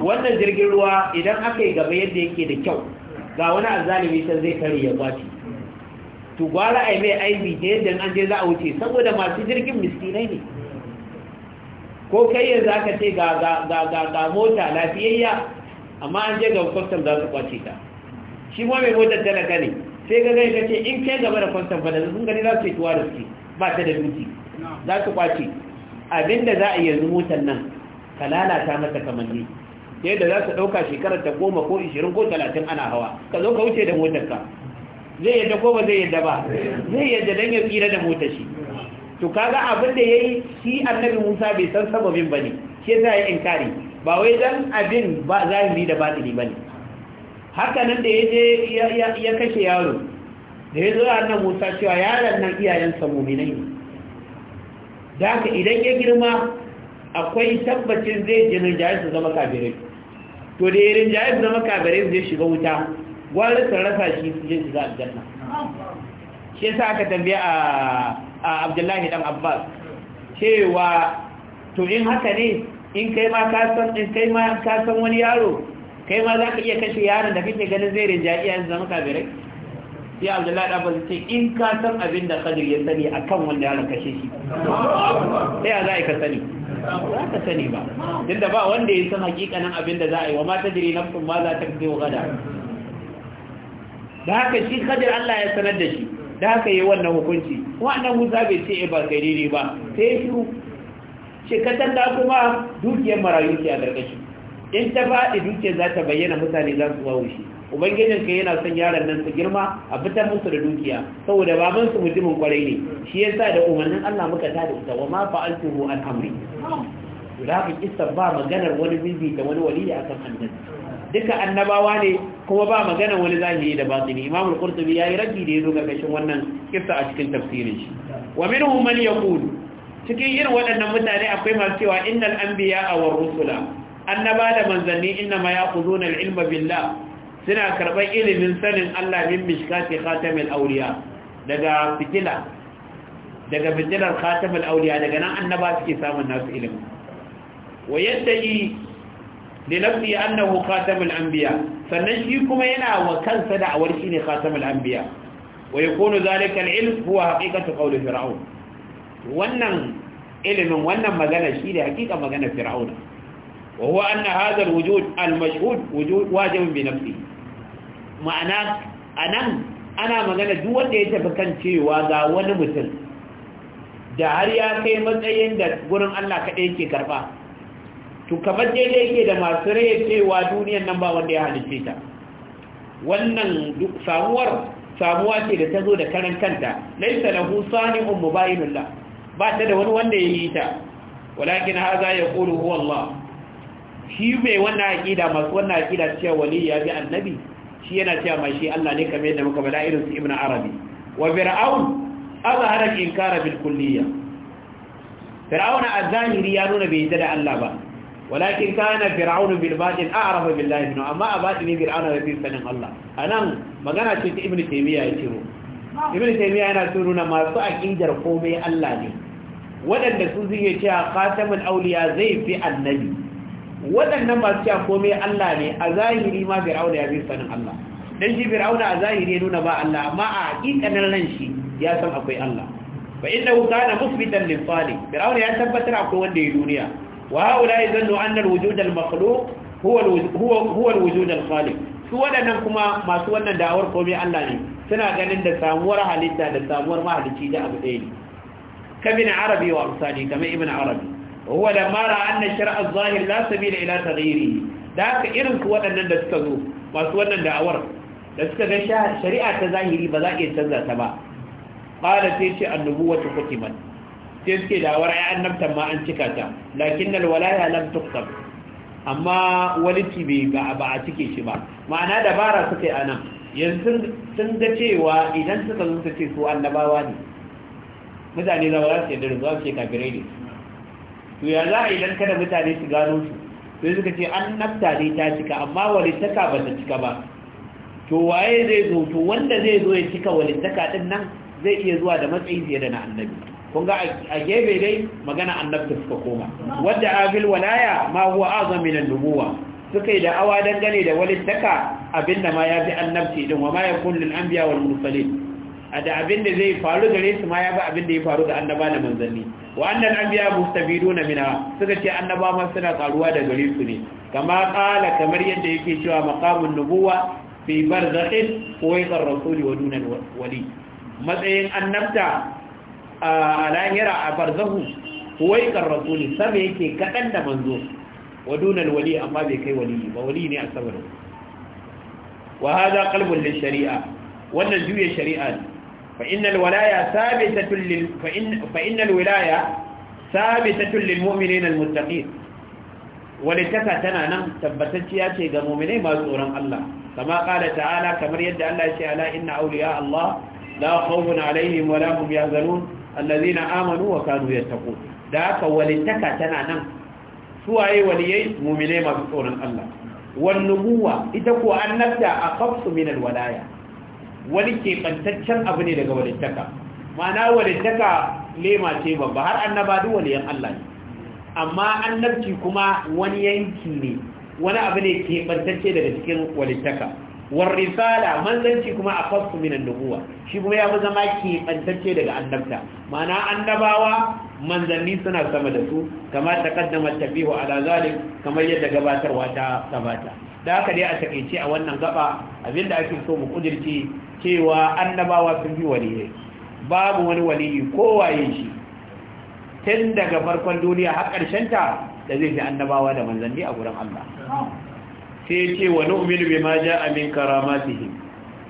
[SPEAKER 1] wannan jirgin ruwa idan aka yi gaba yadda yake da kyau ga wani azalimi sai zai kare ya kwaci to gwara ai mai aibi da yadda an je za a wuce saboda masu jirgin miskinai ne ko kai yanzu aka ce ga ga ga ga mota lafiyayya amma an je ga kwastam za su kwace ta shi ma mai motar talaka ne sai ga gani kace in kai gaba da kwantar fada sun gani za su yi tuwa da suke ba ta da duki za su kwace abinda za a yanzu motar nan ka lalata mata ne ta yadda za su ɗauka shekarar ta goma ko ishirin ko talatin ana hawa ka zo ka wuce da motar ka zai yadda ko ba zai yadda ba zai yadda don ya tsira da motar shi to kaga abin da ya yi shi annabi musa bai san sababin ba ne shi yasa ya inkari ba wai dan abin ba zahiri da batini ba ne haka nan da ya je ya kashe yaro da ya zo a nan musa cewa yaron nan iyayensa muminai ne da haka idan ya girma akwai tabbacin zai jinin rinjaye su zama kafirai to da ya rinjaye su zama kafirai zai shiga wuta gwari sun rasa shi su je shiga aljanna shi sa aka tambaya a abdullahi dan abbas cewa to in haka ne in kai ma kasan in kai ma ka san wani yaro kai ma za ka iya kashe yaron da kake ganin zai rinja iyayen zama kabirai sai abdullahi da bazu ce in ka san abin da kadir ya sani a kan wanda yaron kashe shi sai a za a yi ka sani za ka sani ba din da ba wanda ya san hakikanin abin da za a yi wa mata na nafsun ma za ta fi gada da haka shi kadir allah ya sanar da shi da haka yi wannan hukunci wannan musa bai ce ba gari ne ba sai shi shekatan da kuma dukiyar marayu ke a ƙarƙashin in ta faɗi dukiyar za ta bayyana mutane za su wawo shi ubangijin ka yana son yaran nan su girma a fitar musu da dukiya saboda baban su mutumin kwarai ne shi yasa da umarnin Allah muka tada ita wa ma fa'altuhu an amri da haka kissa ba maganar wani bibi da wani wali akan annabi duka annabawa ne kuma ba maganar wani zahiri da batini imam al-qurtubi yayi raddi da yazo karkashin wannan kissa a cikin tafsirin shi wa minhum man yaqulu cikin irin waɗannan mutane akwai masu cewa innal anbiya wa rusula An na ba da manzanni inna ma yaquluna al-ilma billah suna karɓar ilimin sanin Allah min mishkati khatamil awliya daga fitila daga fitilar khatamil awliya daga nan annaba suke samun nasu ilimi wa yadda yaddai li nafsi annahu khatamul anbiya sannan shi kuma yana wa kansa da awar ne khatamul anbiya wa yakunu kunu al-ilm huwa haqiqatu qawli fir'aun wannan ilimin wannan magana shi ne hakika magana fir'auna وهو أن هذا الوجود Ma'ana a nan ana معنى duk wanda ya tafi kan cewa ga wani mutum. da har ya kai matsayin da wurin Allah kaɗai yake karɓa to kamar daidai yake da masu rai cewa duniyan nan ba wanda ya halice ta wannan samuwar samuwa ce da ta zo da karantar ta, laisa lahu sani'un mubayinullah ba ta da wani wanda ya yi ta walakin haza ya qulu huwa Allah shi mai wannan aƙida masu wannan aƙida cewa wali ya bi annabi shi yana cewa mai shi Allah ne kamar yadda muka bada irin su ibnu arabi wa fir'aun azhara inkara bil kulliyya fir'aun azahiri ya nuna bai yadda da Allah ba walakin kana fir'aun bil batin a'rafa billahi no amma a batini fir'aun da sanin Allah anan magana ce ta ibnu taymiya ya ciro ibnu taymiya yana so nuna masu aƙidar komai Allah ne waɗanda su zai cewa khatamul auliya zai fi annabi waɗannan masu cewa komai Allah ne a zahiri ma Fir'auna ya bi sanin Allah Don shi Fir'auna a zahiri ya nuna ba Allah amma a hakikanin ran shi ya san akwai Allah fa innahu kana musbitan lil salih Fir'auna ya tabbatar akwai wanda ya duniya wa haula yadhunnu anna al wujud al makhluq huwa huwa su waɗannan kuma masu wannan da'awar komai Allah ne suna ganin da samuwar halitta da samuwar mahalicci da abu ɗaya ne kabin arabi wa amsali kamar ibn arabi huwa da mara annan shar'a zahir la sabila ila taghyiri da haka irin su waɗannan da suka zo masu wannan da'awar da suka ga shari'a ta zahiri ba za a iya canza ta ba qala sai ce annubuwatu khutimat sai suke da'awar ai annabtan ma an cika ta lakinnal walaya lam tuqtab amma walici bai ba a cike shi ba ma'ana dabara suka yi anan yanzu sun ga cewa idan suka zo su ce su annabawa ne mutane za su yarda da su ce kafirai ne to ya za a idan kada mutane su gano su sai suka ce an nafta ne ta cika amma walittaka ba ta cika ba to waye zai zo to wanda zai zo ya cika walittaka din nan zai iya zuwa da matsayi fiye da na annabi kun ga a gefe dai magana annabta suka koma wadda abil walaya ma huwa azam min an-nubuwa suka yi da'awa dangane da walittaka abinda ma ya fi annabci din wa ma yakun lil anbiya wal mursalin da abin da zai faru gare su ma ya ba abin da ya faru da annaba da manzanni wa annal anbiya na mina suka ce annaba ma suna karuwa da gare su ne kama kala kamar yadda yake cewa maqamun nubuwa fi barzakhin fawqa rasuli wa duna wali matsayin annabta a lahira a bar zahu, barzahu fawqa rasuli sabe yake kaɗan da manzo wa duna wali amma bai kai wali ba wali ne a sabar wa hada qalbun shari'a. wannan juya shari'a ne فإن الولاية ثابتة لل... فإن... فإن الولاية ثابتة للمؤمنين المتقين ولتكا تنا ga mu'minai masu tsoron Allah kama qala ta'ala kamar yadda Allah ya ce ala inna awliya Allah la khawfun alaihim wa la hum yahzanun alladhina amanu wa kanu yattaqun da haka walitaka tana nan suwaye waliyai mu'minai masu tsoron Allah wan nubuwa ita ko annabta akhafsu min alwalaya wani keɓantaccen abu ne daga walittaka ma'ana walittaka lema ce babba har annaba duk waliyan Allah ne amma annabci kuma wani yanki ne wani abu ne keɓantacce daga cikin walittaka war risala manzanci kuma a fasu minan nubuwa shi kuma ya fi zama keɓantacce daga annabta ma'ana annabawa manzanni suna sama da su kama ta kaddama tafiho ala zalim kamar yadda gabatarwa ta gabata da haka dai a takaice a wannan gaba abinda ake so mu kudirce cewa annabawa sun fi wani waliyai babu wani waliyi kowaye shi tun daga farkon duniya har ƙarshenta da zai fi annabawa da manzanni a gurin Allah sai ce wa ma ja a min karamatihim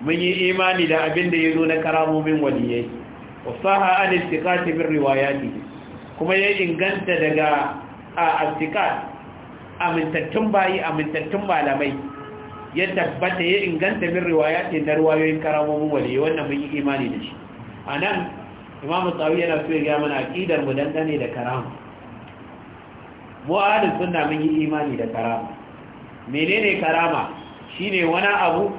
[SPEAKER 1] mun yi imani da abin da zo na karamomin waliyai wa saha an istiqati bir riwayatihi kuma ya inganta daga a istiqat amintattun bayi amintattun malamai ya tabbata ya inganta min riwayati na riwayoyin karamomin waliyai wannan mun yi imani da shi anan imamu tsawi yana so ya ga mana aqidar mu dangane da karama mu ahlus sunna mun yi imani da karama menene karama shine wani abu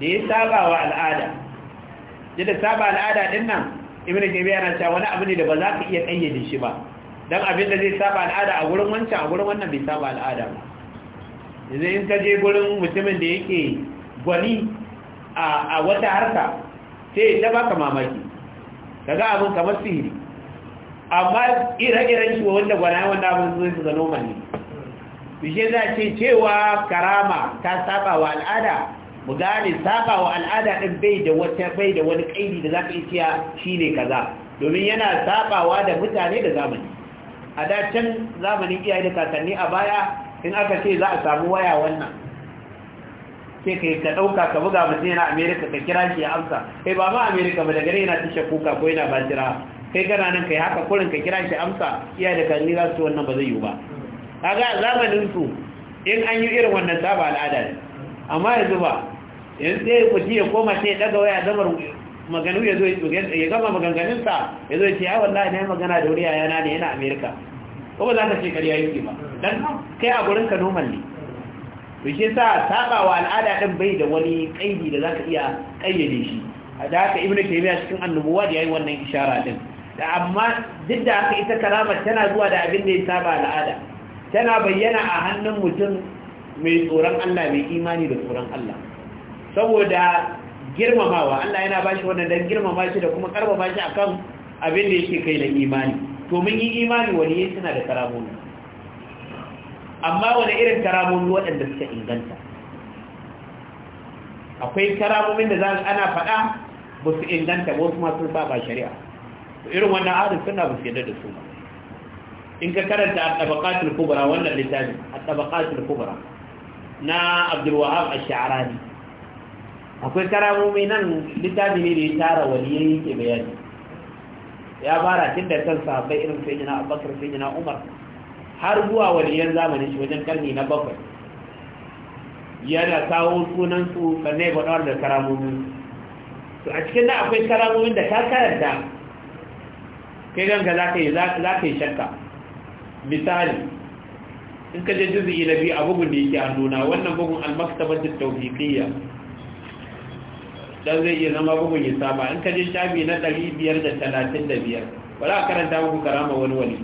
[SPEAKER 1] da ya saba wa al'ada da saba al'ada din nan ibn biya na cewa wani abu ne da ba za ka iya kayyade shi ba dan abin da zai saba al'ada a gurin wancan a gurin wannan bai saba al'ada ba yanzu in ka je gurin mutumin da yake gwani a wata harka sai ta baka mamaki kaga abin kamar sihiri amma ire-iren shi wanda gwana wanda abin zai su zano mani bishe za ce cewa karama ta saba wa al'ada mu gane saba wa al'ada ɗin bai da wata bai da wani ƙaidi da za ka iya shi ne kaza domin yana sabawa da mutane da zamani a dacen zamanin iyaye da kakanni a baya in aka ce za a samu waya wannan Ke ka ka ɗauka ka buga mutum yana amerika ka kira shi ya amsa kai eh, ba ma amerika ba da gare yana tushe kuka ko yana basira, kai gana nan kai haka kurin ka kira shi amsa iyaye da kakanni za su wannan ba zai yiwu ba kaga zamanin su in an yi irin wannan saba al'ada ne amma yanzu ba yanzu sai ku ji ya koma sai ya daga waya zamar maganu ya zo ya gama maganganun sa ya zo ya ce ya wallahi na yi magana da wuri yana ne yana Amerika, ko ba za ka ce karya yake ba dan kai a gurin ka normal ne to shi sa sabawa al'ada din bai da wani kaidi da ka iya kayyade shi A da haka ibnu taymiya cikin annubuwa da yayi wannan ishara din da amma duk da haka ita karamar tana zuwa da abin da ya saba al'ada tana bayyana a hannun mutum mai tsoron Allah mai imani da tsoron Allah saboda girmamawa Allah yana bashi wannan dan girmama shi da kuma karfafa shi akan abin da yake kai na imani to mun yi imani wani yayin suna da karamomi amma wani irin karamomi waɗanda suka inganta akwai karamomin da zan ana faɗa ba su inganta ba wasu masu ba shari'a irin wannan ahlus suna ba su da su ba in ka karanta a tabakatul kubra wannan littafi a tabakatul kubra na abdulwahab ash-sha'rani akwai karamomi nan littafi ne da ya tara waliyai yake bayani ya fara tun da kansa bai irin sayyidina abubakar na umar har zuwa waliyan zamanin shi wajen karni na bakwai yana kawo sunan su sannan ya da karamomin to a cikin nan akwai karamomin da ta karanta kai ganka za ka yi shakka misali in ka je juzi na biyu a bugun da yake nuna, wannan bugun almaktabatin taufiqiyya dan zai iya zama bugun ya saba in ka je shafi na 535 ba a karanta muku karama wani wani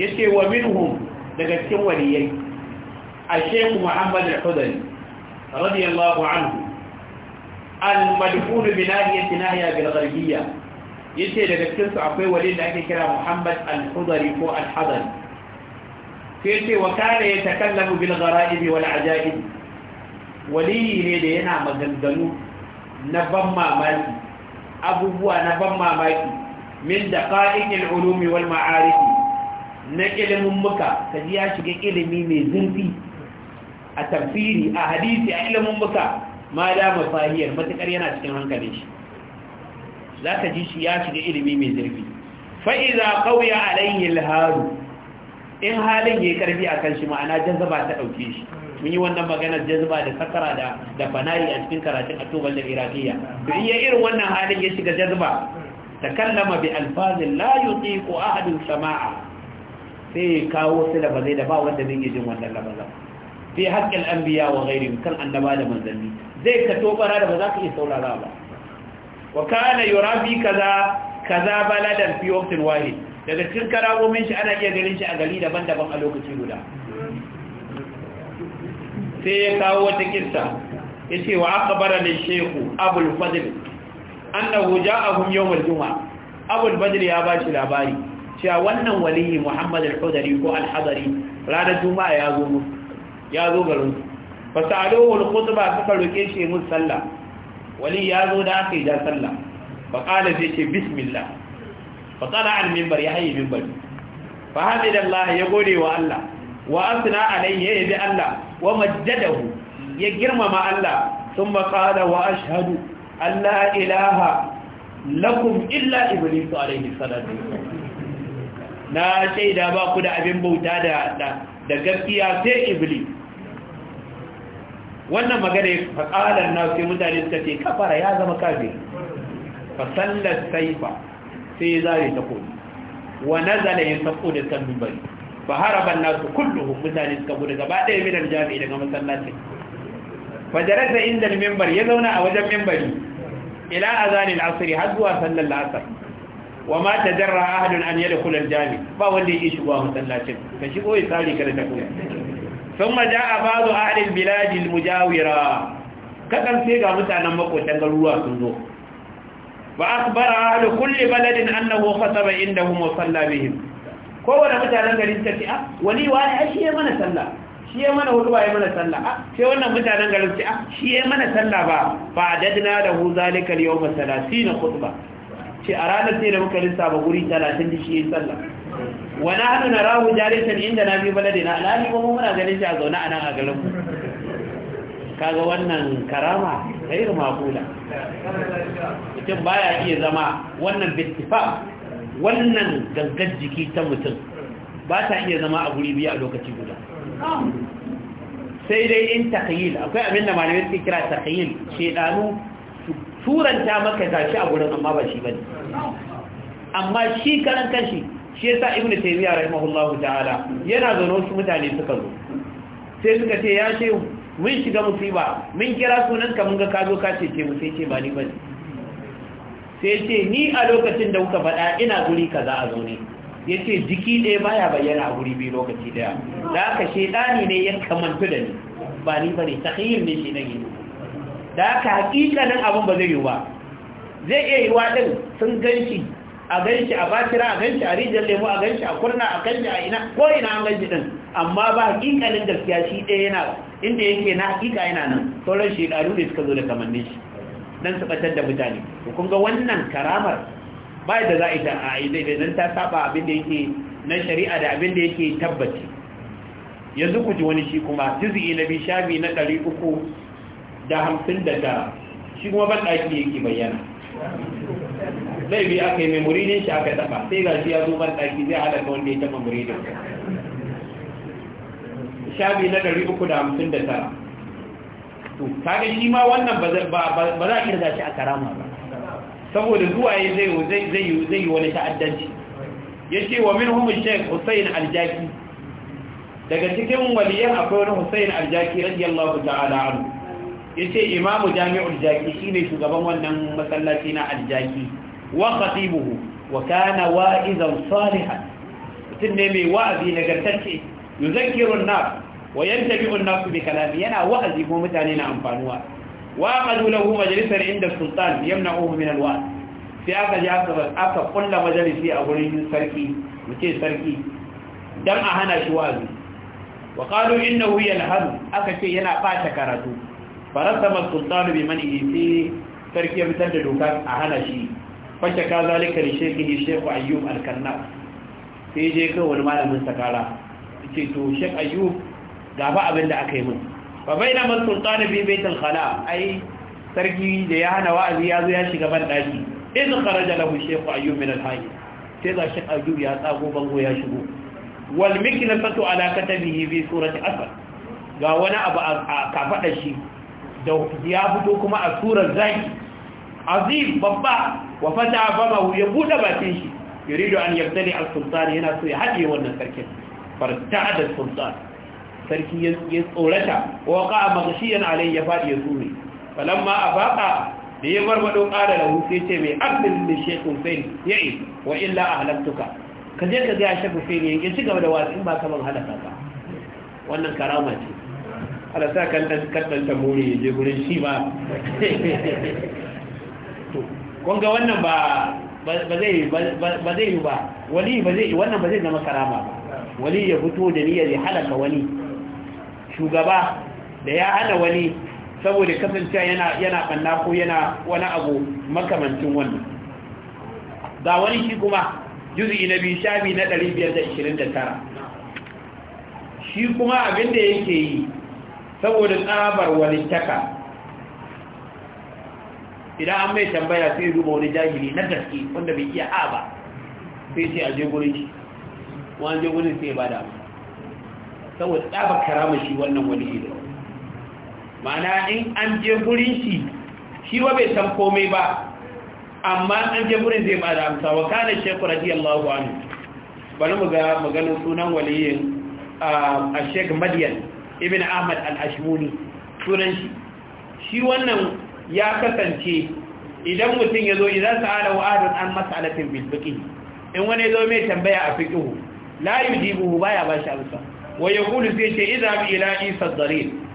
[SPEAKER 1] ce wa minhum daga cikin waliyai الشيخ محمد الحضري رضي الله عنه المدفون بناهية ناهية بالغربية yace daga cikin su akwai wali da ake kira Muhammad al-Hudari ko al-Hadari sai ce wa kana yatakallamu bil gharaib wal ajaib wali ne da yana maganganu na ban mamaki abubuwa na ban mamaki min daqa'iqil ulumi wal ma'arif na ilimin muka kaji ya shiga ilimi mai zurfi a tafsiri a hadisi a ilimin muka ma da mafahiyar matakar yana cikin hankalin shi za ka ji shi ya shiga ilimi mai zurfi fa'iza kauya alayhi alharu in halin ya yi karfi a kan shi ma'ana jazaba ta ɗauke shi mun yi wannan maganar jazaba da sakara da da a cikin karatun atobar da irakiya to iya irin wannan halin ya shiga jazaba ta kallama bi alfazin la ko ahadin sama'a sai ya kawo su da ba wanda zai jin wannan labazan fi haƙƙin biya wa ghairi kan annaba da manzanni zai ka tobara da ba za ka iya saurara ba wa kana yurabi kaza kaza baladan fi waqtin wahid daga cikin karamomin shi ana iya ganin shi a gari daban-daban a lokaci guda sai ya kawo wata ya ce wa aka akhbara lil shaykh abul fadl annahu ja'ahum yawm al-jum'a abul fadl ya shi labari cewa wannan waliyi Muhammadu al-hudari ko al-hadari ranar juma'a ya zo musu ya zo garin fasaluhu al-khutba suka roke shi musu sallah wali ya zo da aka yi dan sallah faƙala zai ce bismillah faƙala an mimbar ya haye mimbar fa hamidallah ya gode wa Allah wa asna alayhi ya yabi Allah wa majjadahu ya girmama Allah thumma qala wa ashhadu an ilaha lakum illa iblis alayhi salatu na shaida ba ku da abin bauta da da gaskiya sai iblis wannan magana ya faƙalar na sai mutane suka ce kafara ya zama kafiri fasallar saifa sai ya ta kodi wa nazala ya sako da sallin bari ba haraban su kulluhu mutane suka gudu gaba ɗaya minar jami'i daga masallacin da inda mimbar ya zauna a wajen mimbari ila a zanen asiri har zuwa sallar la'asar wa ma tajarra ahadun an yadkhula al-jami ba wanda yake shigo masallacin ka shigo ya tsari kada ta kuma sun maja a bazu ahalin biladil mujawira kakan sai ga mutanen makotan garuruwa sun zo ba a bara ahalu kulle baladin annahu saba inda hu musalla Ko kowane mutanen garin ta ce a ah, wani wani a shi ya mana sallah shi ya mana hudu ya mana sallah a ah, sai wannan mutanen garin ce a ah, shi ya mana sallah ba ba a dadina da hu zalikal na 30 ba. ce a ranar sai da muka lissafa guri da shi ya sallah Wani na hannu na rahu jalisan inda na biyu balade na alhali kuma muna ganin shi a zaune a nan a garin mu kaga wannan karama kai da kula. mutum baya iya zama wannan bittifa wannan gangar jiki ta mutum ba ta iya zama a guri biyu a lokaci guda sai dai in takayil akwai abin da malamai suke kira takayil shedanu turanta maka gashi a gurin amma ba shi ba ne. amma shi karan kashi shi yasa ibnu taymiya rahimahullahu ta'ala yana zaune wasu mutane suka zo sai suka ce ya shehu mun shiga musiba mun kira sunanka mun ga ka zo ka ce ce mu sai ce ba ni ne. sai ce ni a lokacin da kuka faɗa ina guri kaza a zaune ya ce jiki ɗaya baya bayyana a guri biyu lokaci ɗaya da aka shaidani ne ya kamantu da ni ba ni ba ne ne shi na gini da aka haƙiƙanin abin ba zai yi ba zai iya yi wa sun gan a shi a batira a shi a rijiyar lemu a shi a kurna a kanshi a ina ko ina an shi din amma ba hakikalin gaskiya shi ɗaya yana inda yake na hakika yana nan sauran shi ɗaru ne suka zo da kamanni shi don su ɓatar da mutane hukun ga wannan karamar ba da za a yi ta a yi daidai don ta saba abin da yake na shari'a da abin da yake tabbaci yanzu ku ji wani shi kuma jizi'i na bi shafi na ɗari uku da hamsin da tara shi kuma ban ɗaki yake bayyana Zai bi aka yi mai muridin shi aka taba sai ga shi ya zo ban daki zai halaka wanda ya taba muridin shabi na 359 to kaga shi ma wannan ba za a kirga shi a karama ba saboda zuwa ya zai zai zai wani ta'addanci yace wa minhum shaykh Hussein al-Jaki daga cikin waliyan akwai wani Hussein al-Jaki radiyallahu ta'ala anhu yace imamu jami'ul Jaki shine shugaban wannan masallaci na al-Jaki wa khatibuhu wa kana mutum ne mai wa'azi nagartacce yuzakkiru an-nas wa yantabi'u an-nas bi kalami yana wa'azi kuma mutane na amfanuwa wa qadu lahu majlisan inda sultan yamna'uhu min al-wa'z sai aka ji aka kulla majalisi a gurin sarki muke sarki dan a hana shi wa'azi wa aka ce yana bata karatu farasama sultan bi manihi ya fitar da a hana shi fashe ka zalika da shekihi sheku ayyub alkanna sai je kan wani malamin sakara ce to shek ayyub gaba abin da aka yi mun. ba bai na masu tsada bi bai talhala ai sarki da ya hana wa'azi ya zo ya shiga ban daki idan kharaja lahu sheku ayyub min alhaji sai za shek ayyub ya tsago bango ya shigo wal miknasatu ala katabihi bi surati asad ga wani abu a kafada shi da ya fito kuma a surar zaki azim babba wa fata bama ya buɗe bakin shi yuridu an yabtali al-sultan yana so ya haɗe wannan sarkin farta da sultan sarki ya tsorata wa waqa maghshiyan alayhi ya faɗi ya tsure falamma afaqa da ya barbado ƙara da hutu ce mai abin da shekh hussein ya yi wa illa a halattuka ka je ka ga shekh hussein ya ci gaba da wasu in ba ka ban halaka ba wannan karama ce ala sa kan dan kan dan tamuri ya je gurin shi ba to kun ga wannan ba ba zai ba zai ba wali ba zai wannan ba zai zama karama ba wali ya fito da niyyar ya halaka wani shugaba da ya hana wani saboda kasancewa yana yana banna ko yana wani abu makamancin wannan ga wani shi kuma juz'i na biyu shafi na 529 shi kuma abin da yake yi saboda tsabar walittaka idan an mai tambaya sai zuba wani jahili na gaske wanda bai iya a ba sai sai a je gurin shi wani je gurin sai ba da saboda tsaba karama shi wannan wani ido ma'ana in an je gurin shi shi wa bai san komai ba amma an je gurin zai ba da amsa wa kana Shekaru radiyallahu anhu bari mu ga maganin sunan waliyin a shek madiyan ibn ahmad al-ashmuni sunan shi shi wannan ya kasance idan mutum ya zo idan sa'ala wa adun an mas'alatin bil in wani zo mai tambaya a fiqh la yujibuhu ya bashi amsa wa sai ce idza ila isa ad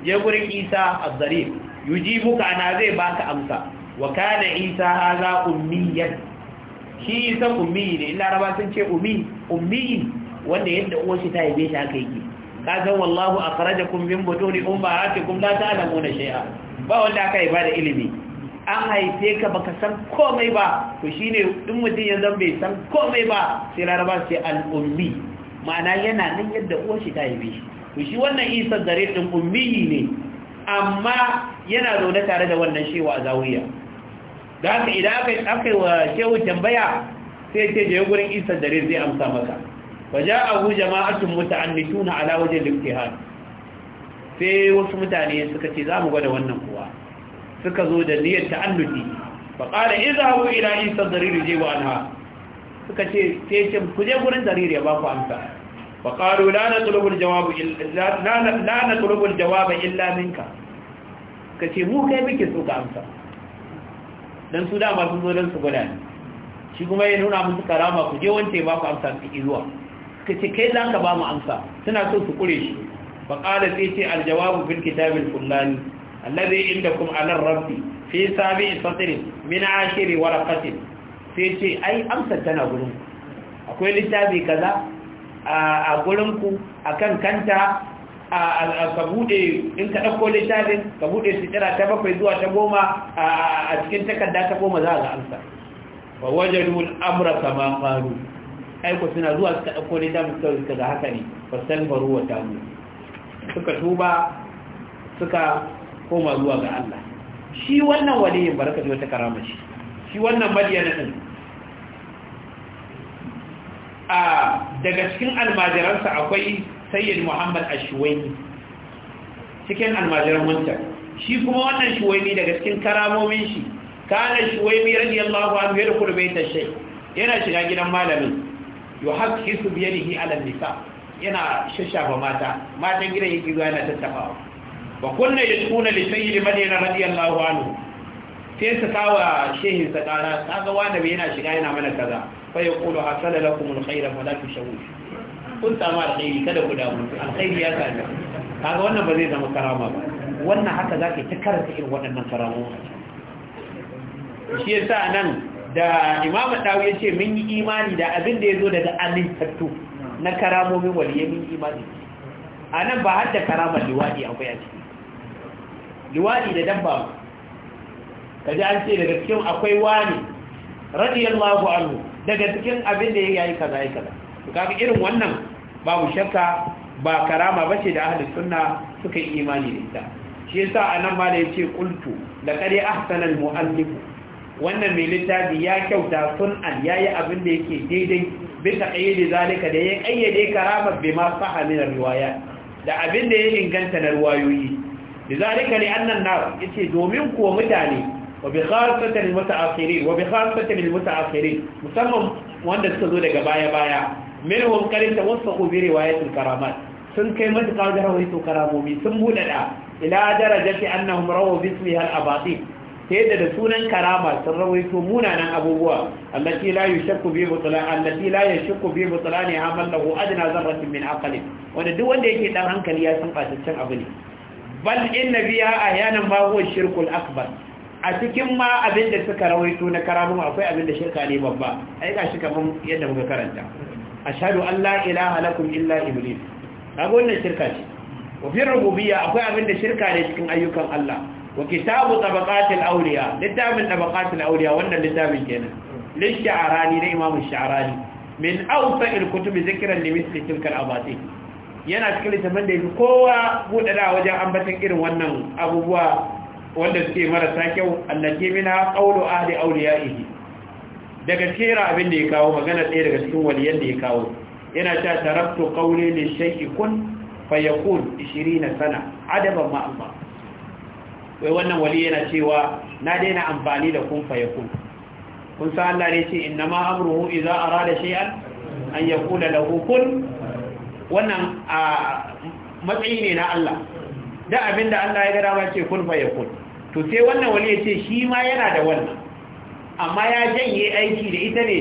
[SPEAKER 1] ya gurin isa ad-darir yujibuka na zai baka amsa wa kana isa hadha ummiyan shi isa ummi ne in laraba sun ce ummi ummi wanda yadda uwar shi ta yi shi haka yake ka san wallahu akhrajakum min butuni ummahatikum la na shai'a ba wanda aka ba da ilimi an haife ka baka san komai ba to shine in mutum ya bai san komai ba sai laraba sai al'ummi ma'ana yana nan yadda uwa shi ta haife shi to shi wannan isa gare din ummi ne amma yana zaune tare da wannan shewa a zawiya da haka idan aka aka wa shehu tambaya sai ce je gurin isa gare zai amsa maka waja abu jama'atun muta'annituna ala wajen limtihan sai wasu mutane suka ce za mu gwada wannan kuwa suka zo da niyyar ta'annuti ba ƙara izahu ila isa dariri je ba anha suka ce sai ce ku je gurin dariri ya ba ku amsa ba ƙaru la na tulubul jawaba illa minka suka ce mu kai muke so ka amsa don su dama sun zo don su gwada ne shi kuma ya nuna musu karama ku je wance ba ku amsa su zuwa suka ce kai za ka ba mu amsa suna so su kure shi فقال فيه الجواب في الكتاب الفلاني الذي عندكم على الرب في سابع سطر من عاشر ورقة فيه أي أمسى تنقلون أقول للتابي كذا أقولنك أكن كنت ka bude in ka ɗauko littafin ka bude sitira ta bakwai zuwa ta goma a cikin takarda ta goma za a ga amsa ba wajen mun amura kama faru aiko suna zuwa suka ɗauko littafin suka ga haka ne ba san baro wa tamu suka tuba suka koma zuwa ga Allah shi wannan waliyin baraka ji ta karama shi shi wannan madiyana din a daga cikin almajiransa akwai sayyid muhammad ashwaini cikin almajiran wancan shi kuma wannan Shuwaini daga cikin karamomin shi kana shuwaimi radiyallahu anhu yadkhulu ta shay yana shiga gidan malamin yuhaqqisu bi yadihi ala nisa yana shashafa mata matan gidan yake zuwa yana tattafawa ba kunna da li sayyid madina radiyallahu anhu sai su kawa shehin sa kara kaga wanda bai yana shiga yana mana kaza fa yaqulu hasala lakum alkhayra fala tushawwish kun samu alkhairi kada ku damu alkhairi ya sami kaga wannan ba zai zama karama ba wannan haka zaka ta karanta irin waɗannan karamu shi yasa nan da imamu dawo yace mun yi imani da abin da yazo daga alintattu na karamomin waliyamin imani a nan ba har da karamar liwaɗi akwai a ciki liwaɗi da dabba ka ji an ce daga cikin akwai wani radiyallahu anhu daga cikin abin da ya yi kaza ya kaza to kaga irin wannan babu shakka ba karama bace da ahli sunna suka yi imani da ita shi yasa anan ma da yace qultu laqad ahsana al wannan mai littafi ya kyauta sun an yayi abin da yake daidai bita ayyade zalika da ya ƙayyade karamar bai ma saha min riwaya da abin da ya inganta na riwayoyi lizalika ne annan na yace domin kuwa mutane wa bi khassatan lil wa bi musamman wanda suka zo daga baya baya minhum qarin tawassahu bi riwayatil karamat sun kai matuƙa da rawaito karamomi sun buɗaɗa ila darajati annahum rawu bismiha al-abatin ta yadda da sunan karama sun rawaito munanan abubuwa allati la yushakku bi butlan allati la yashakku bi butlani amal lahu adna zarratin min aqli wanda duk wanda yake dan hankali ya san bataccen abu ne bal inna biha ahyanan ma huwa shirkul akbar a cikin ma abinda suka rawaito na karamu akwai abinda shirka ne babba ai ga shi kaman yadda muka karanta ashhadu an la ilaha lakum illa iblis kaga wannan shirka ce wa fi rububiyya akwai abinda shirka ne cikin ayyukan Allah wa kitabu tabaqatil awliya littafin tabaqatil awliya wannan littafin kenan lisharani na imam sharani min awsa'il kutubi zikran li misli tilka al-abati yana cikin littafin da yake kowa budada wajen ambatan irin wannan abubuwa wanda suke marasa kyau allati mina qawlu ahli awliyaihi daga cikin abin da ya kawo magana ɗaya daga cikin waliyan da ya kawo yana ta tarakto qawli li shay'in kun fayakun 20 sana adaban ma wai wannan wali yana cewa na daina amfani da kun fayakun kun san Allah ne ce inna ma amruhu idza arada shay'an an yaqula lahu kun wannan matsayi ne na Allah da abinda Allah ya ga dama ce kun fayakun to sai wannan wali yace shi ma yana da wannan amma ya janye aiki da ita ne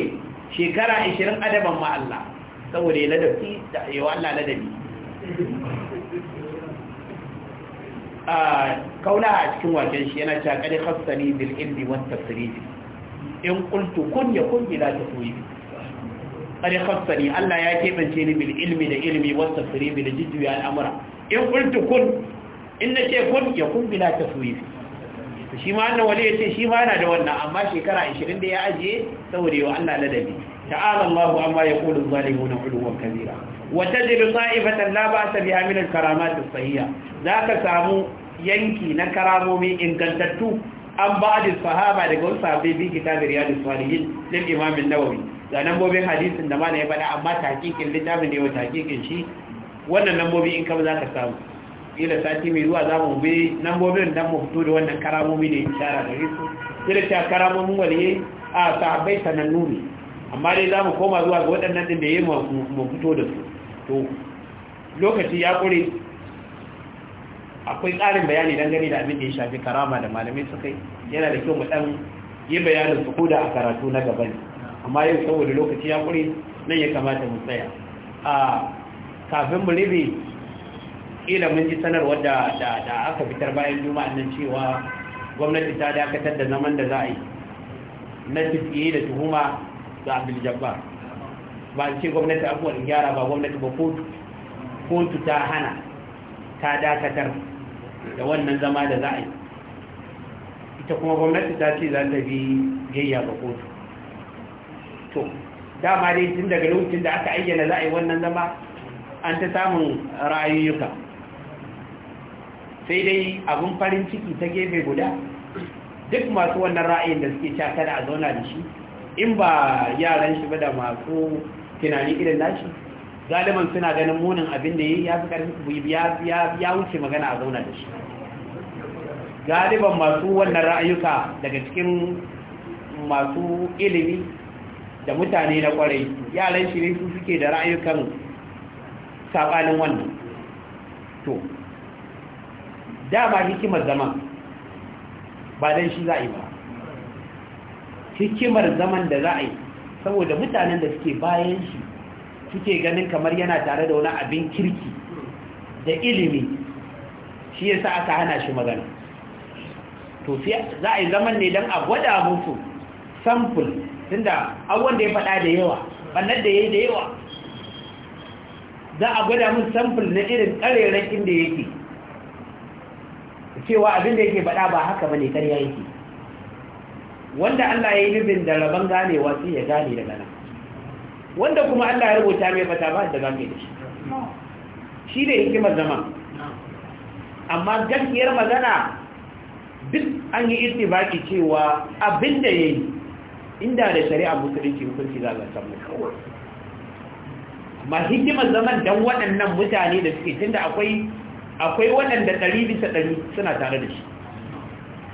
[SPEAKER 1] shekara 20 adaban ma Allah saboda ya ladabi da yawa Allah ladabi kauna a cikin waken shi yana cewa kada khassani bil ilmi wat tafsiri in qultu kun ya yakun bila tafwid kada khassani Allah ya kebance ni bil ilmi da ilmi wat tafsiri da jiddu al'amura in qultu kun in nace kun ya yakun bila To shi ma annan wali ce shi ma yana da wannan amma shekara 20 da ya aje saboda yau Allah ladabi ta'ala Allahu amma yaqulu zalimun ulwan kabira وتجد طائفة لا بأس بها من الكرامات sahiya. Za ka samu yanki na karamomi ingantattu أم بعض الصحابة لقول صحابي في كتاب رياض الصالحين للإمام النووي da nambobin hadisin da mana ya bada amma ta hakikin littafin da yawa hakikin shi wannan nambobi in kama za ka samu ila sati mai zuwa za mu bi nambobin don mu fito da wannan karamomi da ishara da risu ila ta karamomin waliye a sahabbai sanannu ne amma dai za mu koma zuwa ga waɗannan ɗin da ya mu fito da su to lokaci ya ƙure akwai ƙarin bayani don gani da abin da ya shafi karama da malamai suka yana da kyau mu ɗan yi bayanin su koda a karatu na gaban. amma yau saboda lokaci ya ƙure nan ya kamata mu tsaya a kafin mu ribe ƙila mun ji sanarwar da aka fitar bayan juma'a nan cewa gwamnati ta dakatar da zaman da za a yi na da tuhuma ga abdul jabbar ba a ce gwamnati abubuwan gyara ba gwamnati ba kotu kotu ta hana ta dakatar da wannan zama da za a yi ita kuma gwamnati ta ce za ta bi gayya ga kotu to dama dai tun daga lokacin da aka ayyana za a yi wannan zama an ta samun ra'ayoyuka sai dai abin farin ciki ta gefe guda duk masu wannan ra'ayin da suke cakada a zauna da shi in ba yaran shi ba da masu tunani irin nashi galiban suna ganin munin abin da ya fi ƙarfi ya wuce magana a zauna da shi galiban masu wannan ra'ayuka daga cikin masu ilimi da mutane na kwarai yaran shi ne su suke da ra'ayukan sabanin wannan to dama hikimar zaman ba don shi za a yi ba hikimar zaman da za a yi saboda mutanen da suke bayan shi suke ganin kamar yana tare da wani abin kirki da ilimi shi yasa aka hana shi magana to sai za a yi zaman ne don a gwada musu sample tunda abuwan da ya faɗa da yawa ɓannar da ya yi da yawa za a gwada mun sample na irin ƙarerakin da yake cewa abin da yake fada ba haka ba ne ƙarya yake wanda Allah ya yi nufin da rabon ganewa sai ya gane daga nan wanda kuma Allah ya rubuta mai fata ba da gane da shi shi ne hikimar zama amma gaskiyar magana duk an yi istibaki cewa abin da ya yi inda da shari'a musulunci hukunci za a samu kawai amma hikimar zaman don waɗannan mutane da suke tunda akwai akwai waɗanda ɗari bisa ɗari suna tare da shi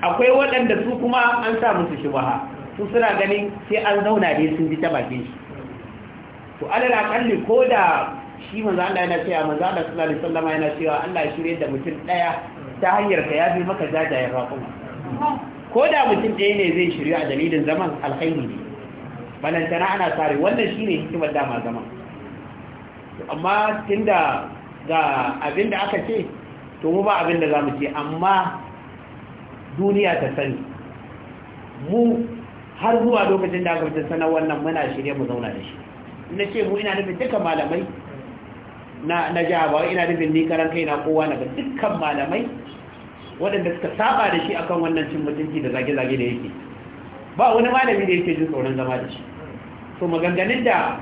[SPEAKER 1] akwai waɗanda su kuma an sa musu shubaha su suna ganin sai an zauna dai sun ji ta bakin shi to alal akalli ko da shi manzo Allah yana cewa manzo Allah sallallahu alaihi wasallam yana cewa Allah ya shirye da mutum daya ta hanyar ka yafi maka jajayen raƙuma ko da mutum ɗaya ne zai shirya a dalilin zaman alkhairi ne balantana ana tare wannan shi ne hikimar dama zaman amma tunda ga abin da aka ce to mu ba abin da za mu ce amma duniya ta sani mu har zuwa lokacin da aka sanar wannan muna shirye mu zauna da shi na ce mu ina nufin dukkan malamai na jaba ina nufin nikaran kai na kowa na dukkan malamai waɗanda suka saba da shi akan wannan cin mutunci da zage-zage da yake ba wani malami da yake jin tsoron zama da shi to maganganun da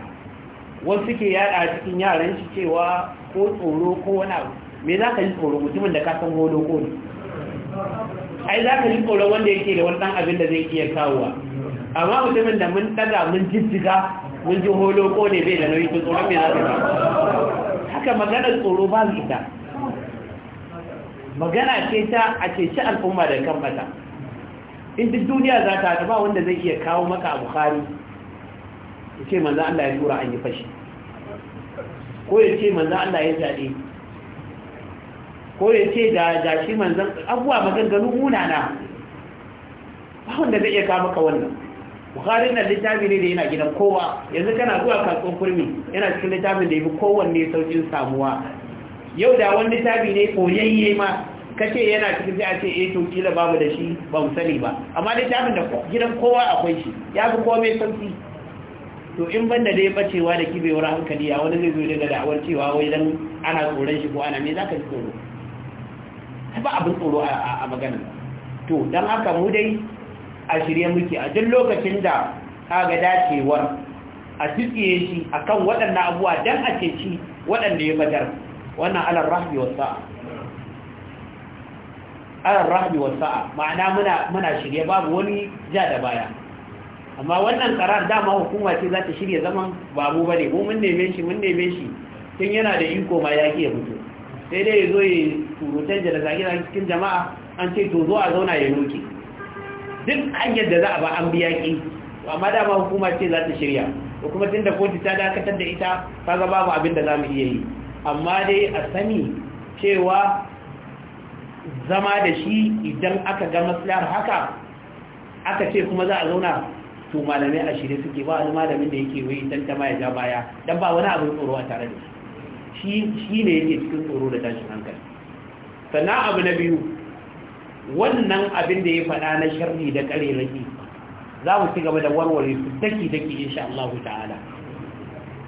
[SPEAKER 1] wasu ke yada cikin yaran shi cewa ko tsoro ko wani abu me za ka yi tsoro mutumin da ka san holo ko ne ai za ka ji tsoron wanda yake da wannan abin da zai iya kawowa amma mutumin da mun ɗaga mun jijjiga mun ji holo ko ne bai da nauyi ko tsoron mai zafi ba haka maganar tsoro ba su ita magana ce ta a ci al'umma da kan mata in duk duniya za ta ba wanda zai iya kawo maka a bukari ya ce manzan Allah ya tura an yi fashi ko ya ce manzan Allah ya zaɗe ko ya ce ga ga shi manzan abuwa maganganu munana ba wanda zai iya kama ka wannan bukhari na littafi ne da yana gidan kowa yanzu kana zuwa kasuwan kurmi yana cikin littafin da ya fi kowanne saukin samuwa yau da wani littafi ne koyayye ma kace yana cikin sai a ce eh to kila babu da shi ba mu sani ba amma littafin da gidan kowa akwai shi ya fi kowa mai sauki to in banda dai bacewa da kibewar hankali a wani zai zo daga da'awar cewa wai dan ana tsoron shi ko ana me zaka ji tsoro ba abin tsoro a maganin to don haka mu dai a shirya muke a duk lokacin da ga dacewar a tsitsiye shi a kan waɗannan abuwa don a ceci waɗanda ya matar wannan alar rahmi wasa'a alar rahmi wasa'a ma'ana muna shirya babu wani ja da baya amma wannan karar dama hukuma ce za ta shirya zaman babu bane ko mun neme shi mun neme shi tun yana da iko ma ya ke fito sai dai ya zo ya turutan da zage cikin jama'a an ce to zo a zauna ya roƙi duk hanyar da za a ba an biya ki amma dama hukuma ce za ta shirya ko kuma da kotu ta dakatar da ita ga babu abin da za mu iya yi amma dai a sani cewa zama da shi idan aka ga maslahar haka aka ce kuma za a zauna to malamai a shirye suke ba malamin da yake wai tantama ta ya ja baya dan ba wani abin tsoro a tare da shi shi ne yake cikin tsoro da tashin hankali sannan abu na biyu wannan abin da ya faɗa na sharri da ƙare rage za mu ci gaba da warware su daki-daki insha Allah ta'ala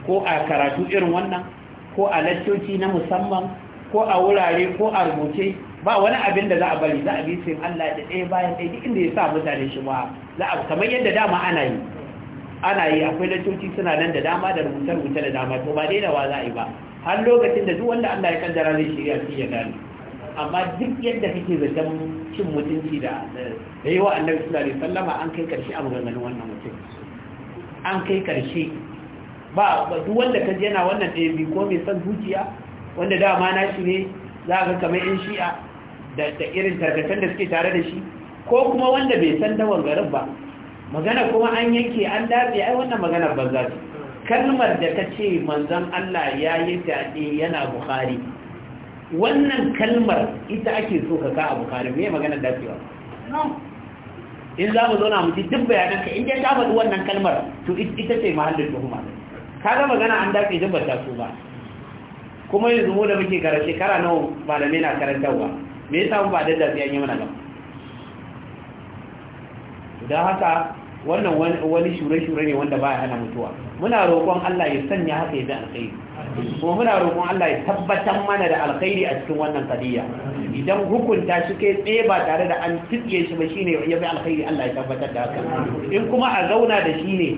[SPEAKER 1] ko a karatu irin wannan ko a laccoci na musamman ko a wurare ko a rubuce ba wani abin da za a bari za a bi sun Allah da ɗaya bayan ɗaya duk inda ya sa mutane shi ba za a kamar yadda dama ana yi ana yi akwai laccoci suna nan da dama da rubuce-rubuce da dama to ba daina wa za a yi ba har lokacin da duk wanda Allah ya kaddara zai shirya shi ya gane amma duk yadda kake zaton cin mutunci da da yawa annabi sallallahu alaihi wasallama an kai karshe a maganganun wannan mutum an kai karshe ba duk wanda ka yana wannan da bi ko mai son zuciya wanda ma na shi ne za ka kamar yan shi'a da irin tarkatan da suke tare da shi ko kuma wanda bai san dawan garin ba magana kuma an yanke an datse ai wannan maganar banza kalmar da ta ce manzan Allah ya yi fyaɗe yana Bukhari wannan kalmar ita ake so ka ka a Bukhari mai magana dacewa in za mu zauna mutu duk bayanan ka inda ta faɗi wannan kalmar to ita ce mahallin tuhuma ka ga magana an dace duk ba ta so ba kuma yanzu mu da muke kara shekara nawa malamai na karantarwa me yasa mu ba da dace yi mana ba da haka wannan wani shure-shure ne wanda baya hana mutuwa muna roƙon Allah ya sanya haka ya da alkhairi kuma muna roƙon Allah ya tabbatar mana da alkhairi a cikin wannan kadiyya idan hukunta shi ke tsaye ba tare da an tsiye shi ba shine ya bi alkhairi Allah ya tabbatar da haka in kuma a zauna da shi ne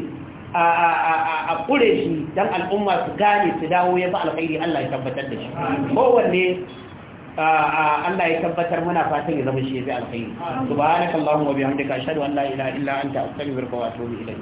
[SPEAKER 1] a kure shi dan al'umma su gane su dawo ya bi alkhairi Allah ya tabbatar da shi kowanne Allah ya tabbatar muna fatan ya zama shi ya bi alkhairi subhanakallahumma wa bihamdika ashhadu an la ilaha illa anta astaghfiruka wa atubu ilayk